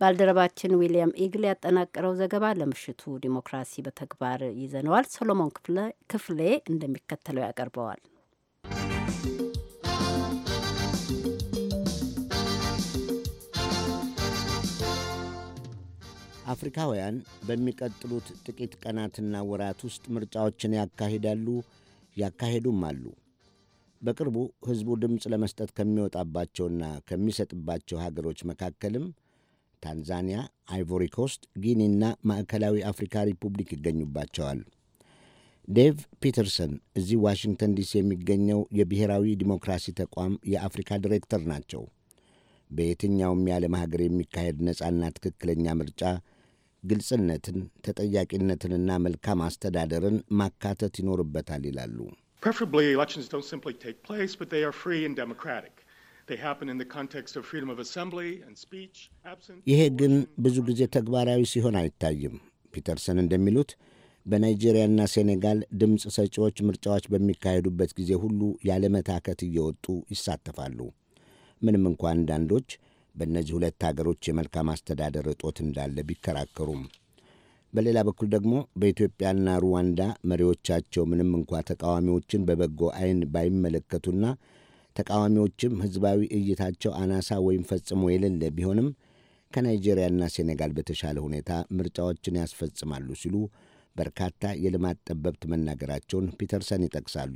[SPEAKER 2] ባልደረባችን ዊሊያም ኢግል ያጠናቀረው ዘገባ ለምሽቱ ዲሞክራሲ በተግባር ይዘነዋል። ሰሎሞን ክፍሌ እንደሚከተለው ያቀርበዋል።
[SPEAKER 6] አፍሪካውያን በሚቀጥሉት ጥቂት ቀናትና ወራት ውስጥ ምርጫዎችን ያካሂዳሉ፣ ያካሄዱም አሉ። በቅርቡ ሕዝቡ ድምፅ ለመስጠት ከሚወጣባቸውና ከሚሰጥባቸው ሀገሮች መካከልም ታንዛኒያ፣ አይቮሪ ኮስት፣ ጊኒና ማዕከላዊ አፍሪካ ሪፑብሊክ ይገኙባቸዋል። ዴቭ ፒተርሰን እዚህ ዋሽንግተን ዲሲ የሚገኘው የብሔራዊ ዲሞክራሲ ተቋም የአፍሪካ ዲሬክተር ናቸው። በየትኛውም የዓለም ሀገር የሚካሄድ ነጻና ትክክለኛ ምርጫ ግልጽነትን፣ ተጠያቂነትንና መልካም አስተዳደርን ማካተት ይኖርበታል ይላሉ። ይሄ ግን ብዙ ጊዜ ተግባራዊ ሲሆን አይታይም። ፒተርሰን እንደሚሉት በናይጄሪያና ሴኔጋል ድምፅ ሰጪዎች ምርጫዎች በሚካሄዱበት ጊዜ ሁሉ ያለመታከት እየወጡ ይሳተፋሉ። ምንም እንኳ አንዳንዶች በእነዚህ ሁለት አገሮች የመልካም አስተዳደር እጦት እንዳለ ቢከራከሩም በሌላ በኩል ደግሞ በኢትዮጵያና ሩዋንዳ መሪዎቻቸው ምንም እንኳ ተቃዋሚዎችን በበጎ አይን ባይመለከቱና ተቃዋሚዎችም ሕዝባዊ እይታቸው አናሳ ወይም ፈጽሞ የሌለ ቢሆንም ከናይጄሪያና ሴኔጋል በተሻለ ሁኔታ ምርጫዎችን ያስፈጽማሉ ሲሉ በርካታ የልማት ጠበብት መናገራቸውን ፒተርሰን ይጠቅሳሉ።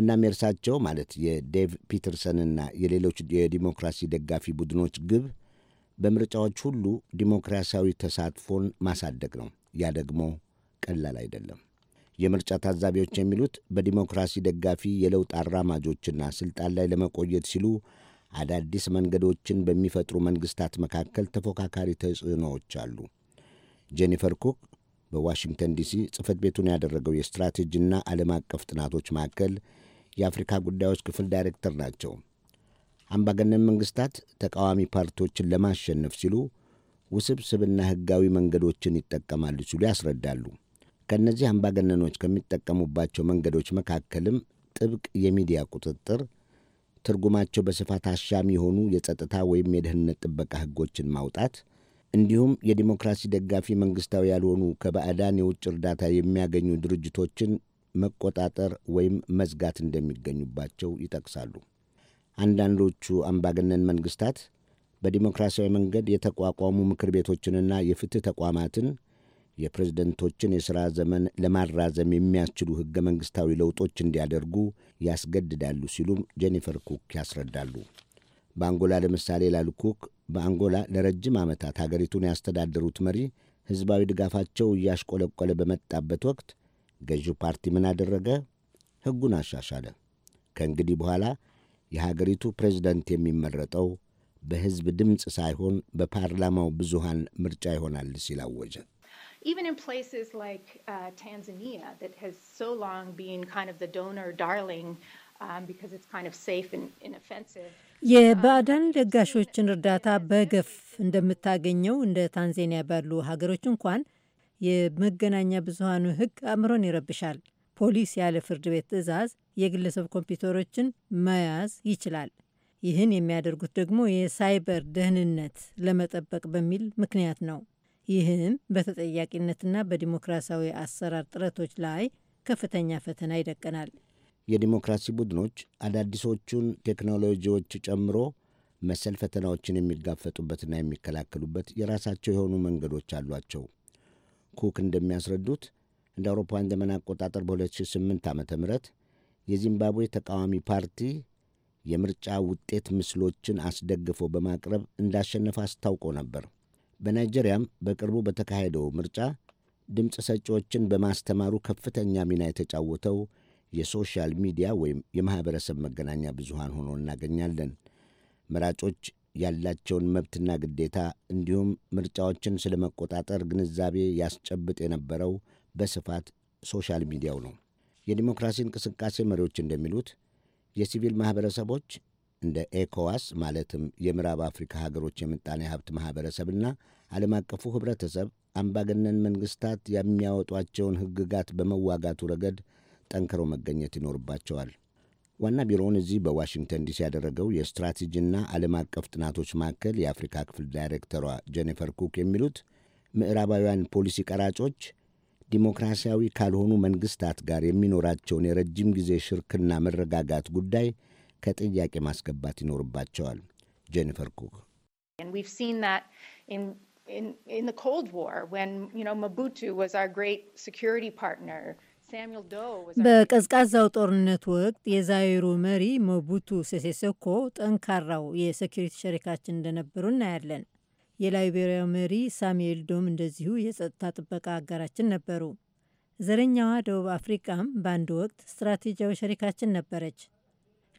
[SPEAKER 6] እናም የእርሳቸው ማለት የዴቭ ፒተርሰንና የሌሎች የዲሞክራሲ ደጋፊ ቡድኖች ግብ በምርጫዎች ሁሉ ዲሞክራሲያዊ ተሳትፎን ማሳደግ ነው። ያ ደግሞ ቀላል አይደለም። የምርጫ ታዛቢዎች የሚሉት በዲሞክራሲ ደጋፊ የለውጥ አራማጆችና ስልጣን ላይ ለመቆየት ሲሉ አዳዲስ መንገዶችን በሚፈጥሩ መንግስታት መካከል ተፎካካሪ ተጽዕኖዎች አሉ። ጄኒፈር ኩክ በዋሽንግተን ዲሲ ጽህፈት ቤቱን ያደረገው የስትራቴጂና ዓለም አቀፍ ጥናቶች ማዕከል የአፍሪካ ጉዳዮች ክፍል ዳይሬክተር ናቸው። አምባገነን መንግስታት ተቃዋሚ ፓርቲዎችን ለማሸነፍ ሲሉ ውስብስብና ሕጋዊ መንገዶችን ይጠቀማሉ ሲሉ ያስረዳሉ። ከእነዚህ አምባገነኖች ከሚጠቀሙባቸው መንገዶች መካከልም ጥብቅ የሚዲያ ቁጥጥር፣ ትርጉማቸው በስፋት አሻሚ የሆኑ የጸጥታ ወይም የደህንነት ጥበቃ ሕጎችን ማውጣት እንዲሁም የዲሞክራሲ ደጋፊ መንግሥታዊ ያልሆኑ ከባዕዳን የውጭ እርዳታ የሚያገኙ ድርጅቶችን መቆጣጠር ወይም መዝጋት እንደሚገኙባቸው ይጠቅሳሉ። አንዳንዶቹ አምባገነን መንግሥታት በዲሞክራሲያዊ መንገድ የተቋቋሙ ምክር ቤቶችንና የፍትሕ ተቋማትን የፕሬዝደንቶችን የሥራ ዘመን ለማራዘም የሚያስችሉ ሕገ መንግሥታዊ ለውጦች እንዲያደርጉ ያስገድዳሉ ሲሉም ጄኒፈር ኩክ ያስረዳሉ። በአንጎላ ለምሳሌ ይላሉ ኩክ፣ በአንጎላ ለረጅም ዓመታት ሀገሪቱን ያስተዳደሩት መሪ ሕዝባዊ ድጋፋቸው እያሽቆለቆለ በመጣበት ወቅት ገዢው ፓርቲ ምን አደረገ? ሕጉን አሻሻለ። ከእንግዲህ በኋላ የሀገሪቱ ፕሬዝደንት የሚመረጠው በሕዝብ ድምፅ ሳይሆን በፓርላማው ብዙሃን ምርጫ ይሆናል ሲል አወጀ።
[SPEAKER 12] even in places like uh, Tanzania, that has so long been kind of the donor darling um, because it's kind of safe and inoffensive. የባዕዳን ለጋሾችን እርዳታ በገፍ እንደምታገኘው እንደ ታንዜኒያ ባሉ ሀገሮች እንኳን የመገናኛ ብዙሃኑ ህግ አእምሮን ይረብሻል። ፖሊስ ያለ ፍርድ ቤት ትዕዛዝ የግለሰብ ኮምፒውተሮችን መያዝ ይችላል። ይህን የሚያደርጉት ደግሞ የሳይበር ደህንነት ለመጠበቅ በሚል ምክንያት ነው። ይህም በተጠያቂነትና በዲሞክራሲያዊ አሰራር ጥረቶች ላይ ከፍተኛ ፈተና ይደቀናል።
[SPEAKER 6] የዲሞክራሲ ቡድኖች አዳዲሶቹን ቴክኖሎጂዎች ጨምሮ መሰል ፈተናዎችን የሚጋፈጡበትና የሚከላከሉበት የራሳቸው የሆኑ መንገዶች አሏቸው። ኩክ እንደሚያስረዱት እንደ አውሮፓውያን ዘመን አቆጣጠር በ2008 ዓ ም የዚምባብዌ ተቃዋሚ ፓርቲ የምርጫ ውጤት ምስሎችን አስደግፎ በማቅረብ እንዳሸነፈ አስታውቆ ነበር። በናይጄሪያም በቅርቡ በተካሄደው ምርጫ ድምፅ ሰጪዎችን በማስተማሩ ከፍተኛ ሚና የተጫወተው የሶሻል ሚዲያ ወይም የማኅበረሰብ መገናኛ ብዙሃን ሆኖ እናገኛለን። መራጮች ያላቸውን መብትና ግዴታ እንዲሁም ምርጫዎችን ስለ መቆጣጠር ግንዛቤ ያስጨብጥ የነበረው በስፋት ሶሻል ሚዲያው ነው። የዲሞክራሲ እንቅስቃሴ መሪዎች እንደሚሉት የሲቪል ማኅበረሰቦች እንደ ኤኮዋስ ማለትም የምዕራብ አፍሪካ ሀገሮች የምጣኔ ሀብት ማኅበረሰብና ዓለም አቀፉ ኅብረተሰብ አምባገነን መንግሥታት የሚያወጧቸውን ሕግጋት በመዋጋቱ ረገድ ጠንክረው መገኘት ይኖርባቸዋል። ዋና ቢሮውን እዚህ በዋሽንግተን ዲሲ ያደረገው የስትራቴጂና ዓለም አቀፍ ጥናቶች ማዕከል የአፍሪካ ክፍል ዳይሬክተሯ ጄኒፈር ኩክ የሚሉት ምዕራባውያን ፖሊሲ ቀራጮች ዲሞክራሲያዊ ካልሆኑ መንግስታት ጋር የሚኖራቸውን የረጅም ጊዜ ሽርክና መረጋጋት ጉዳይ ከጥያቄ ማስገባት ይኖርባቸዋል። ጄኒፈር ኩክ
[SPEAKER 12] In the Cold War, when you know Mobutu was our great security partner, በቀዝቃዛው ጦርነት ወቅት የዛይሩ መሪ ሞቡቱ ሴሴሴኮ ጠንካራው የሴኪሪቲ ሸሪካችን እንደነበሩ እናያለን። የላይቤሪያው መሪ ሳሙኤል ዶም እንደዚሁ የጸጥታ ጥበቃ አጋራችን ነበሩ። ዘረኛዋ ደቡብ አፍሪካም በአንድ ወቅት ስትራቴጂያዊ ሸሪካችን ነበረች።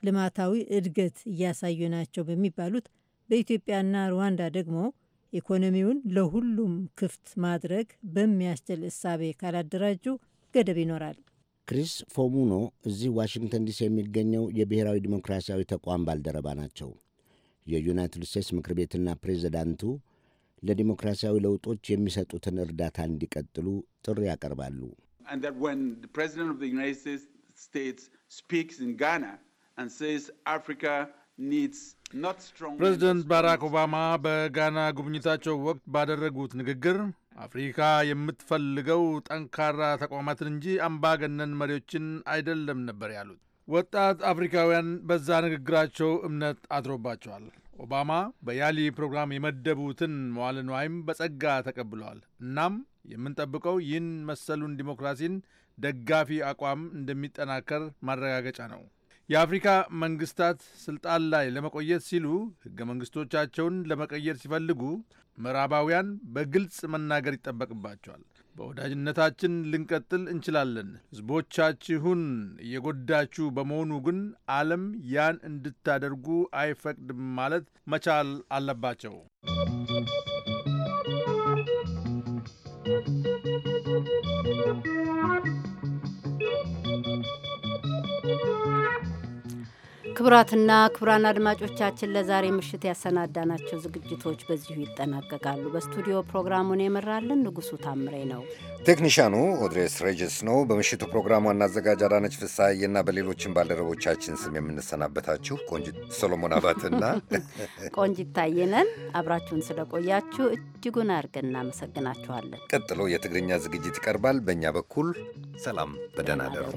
[SPEAKER 12] ልማታዊ እድገት እያሳዩ ናቸው በሚባሉት በኢትዮጵያና ሩዋንዳ ደግሞ ኢኮኖሚውን ለሁሉም ክፍት ማድረግ በሚያስችል እሳቤ ካላደራጁ ገደብ ይኖራል።
[SPEAKER 6] ክሪስ ፎሙኖ እዚህ ዋሽንግተን ዲሲ የሚገኘው የብሔራዊ ዲሞክራሲያዊ ተቋም ባልደረባ ናቸው። የዩናይትድ ስቴትስ ምክር ቤትና ፕሬዚዳንቱ ለዲሞክራሲያዊ ለውጦች የሚሰጡትን እርዳታ እንዲቀጥሉ ጥሪ ያቀርባሉ።
[SPEAKER 2] ፕሬዚደንት ባራክ
[SPEAKER 8] ኦባማ በጋና ጉብኝታቸው ወቅት ባደረጉት ንግግር አፍሪካ የምትፈልገው ጠንካራ ተቋማትን እንጂ አምባገነን መሪዎችን አይደለም ነበር ያሉት። ወጣት አፍሪካውያን በዛ ንግግራቸው እምነት አድሮባቸዋል። ኦባማ በያሊ ፕሮግራም የመደቡትን መዋለ ንዋይም በጸጋ ተቀብለዋል። እናም የምንጠብቀው ይህን መሰሉን ዲሞክራሲን ደጋፊ አቋም እንደሚጠናከር ማረጋገጫ ነው። የአፍሪካ መንግስታት ስልጣን ላይ ለመቆየት ሲሉ ህገ መንግስቶቻቸውን ለመቀየር ሲፈልጉ ምዕራባውያን በግልጽ መናገር ይጠበቅባቸዋል። በወዳጅነታችን ልንቀጥል እንችላለን። ህዝቦቻችሁን እየጎዳችሁ በመሆኑ ግን ዓለም ያን እንድታደርጉ አይፈቅድም ማለት መቻል አለባቸው።
[SPEAKER 2] ክቡራትና ክቡራን አድማጮቻችን ለዛሬ ምሽት ያሰናዳናቸው ዝግጅቶች በዚሁ ይጠናቀቃሉ። በስቱዲዮ ፕሮግራሙን የመራልን ንጉሱ ታምሬ ነው።
[SPEAKER 1] ቴክኒሻኑ ኦድሬስ ሬጅስ ነው። በምሽቱ ፕሮግራሙ ዋና አዘጋጅ አዳነች ፍስሐዬና በሌሎችም ባልደረቦቻችን ስም የምንሰናበታችሁ ሶሎሞን አባትና
[SPEAKER 2] ቆንጂት ታየ አብራችሁን ስለቆያችሁ እጅጉን አድርገን እናመሰግናችኋለን።
[SPEAKER 1] ቀጥሎ የትግርኛ ዝግጅት ይቀርባል። በእኛ በኩል ሰላም፣ በደህና ደሩ።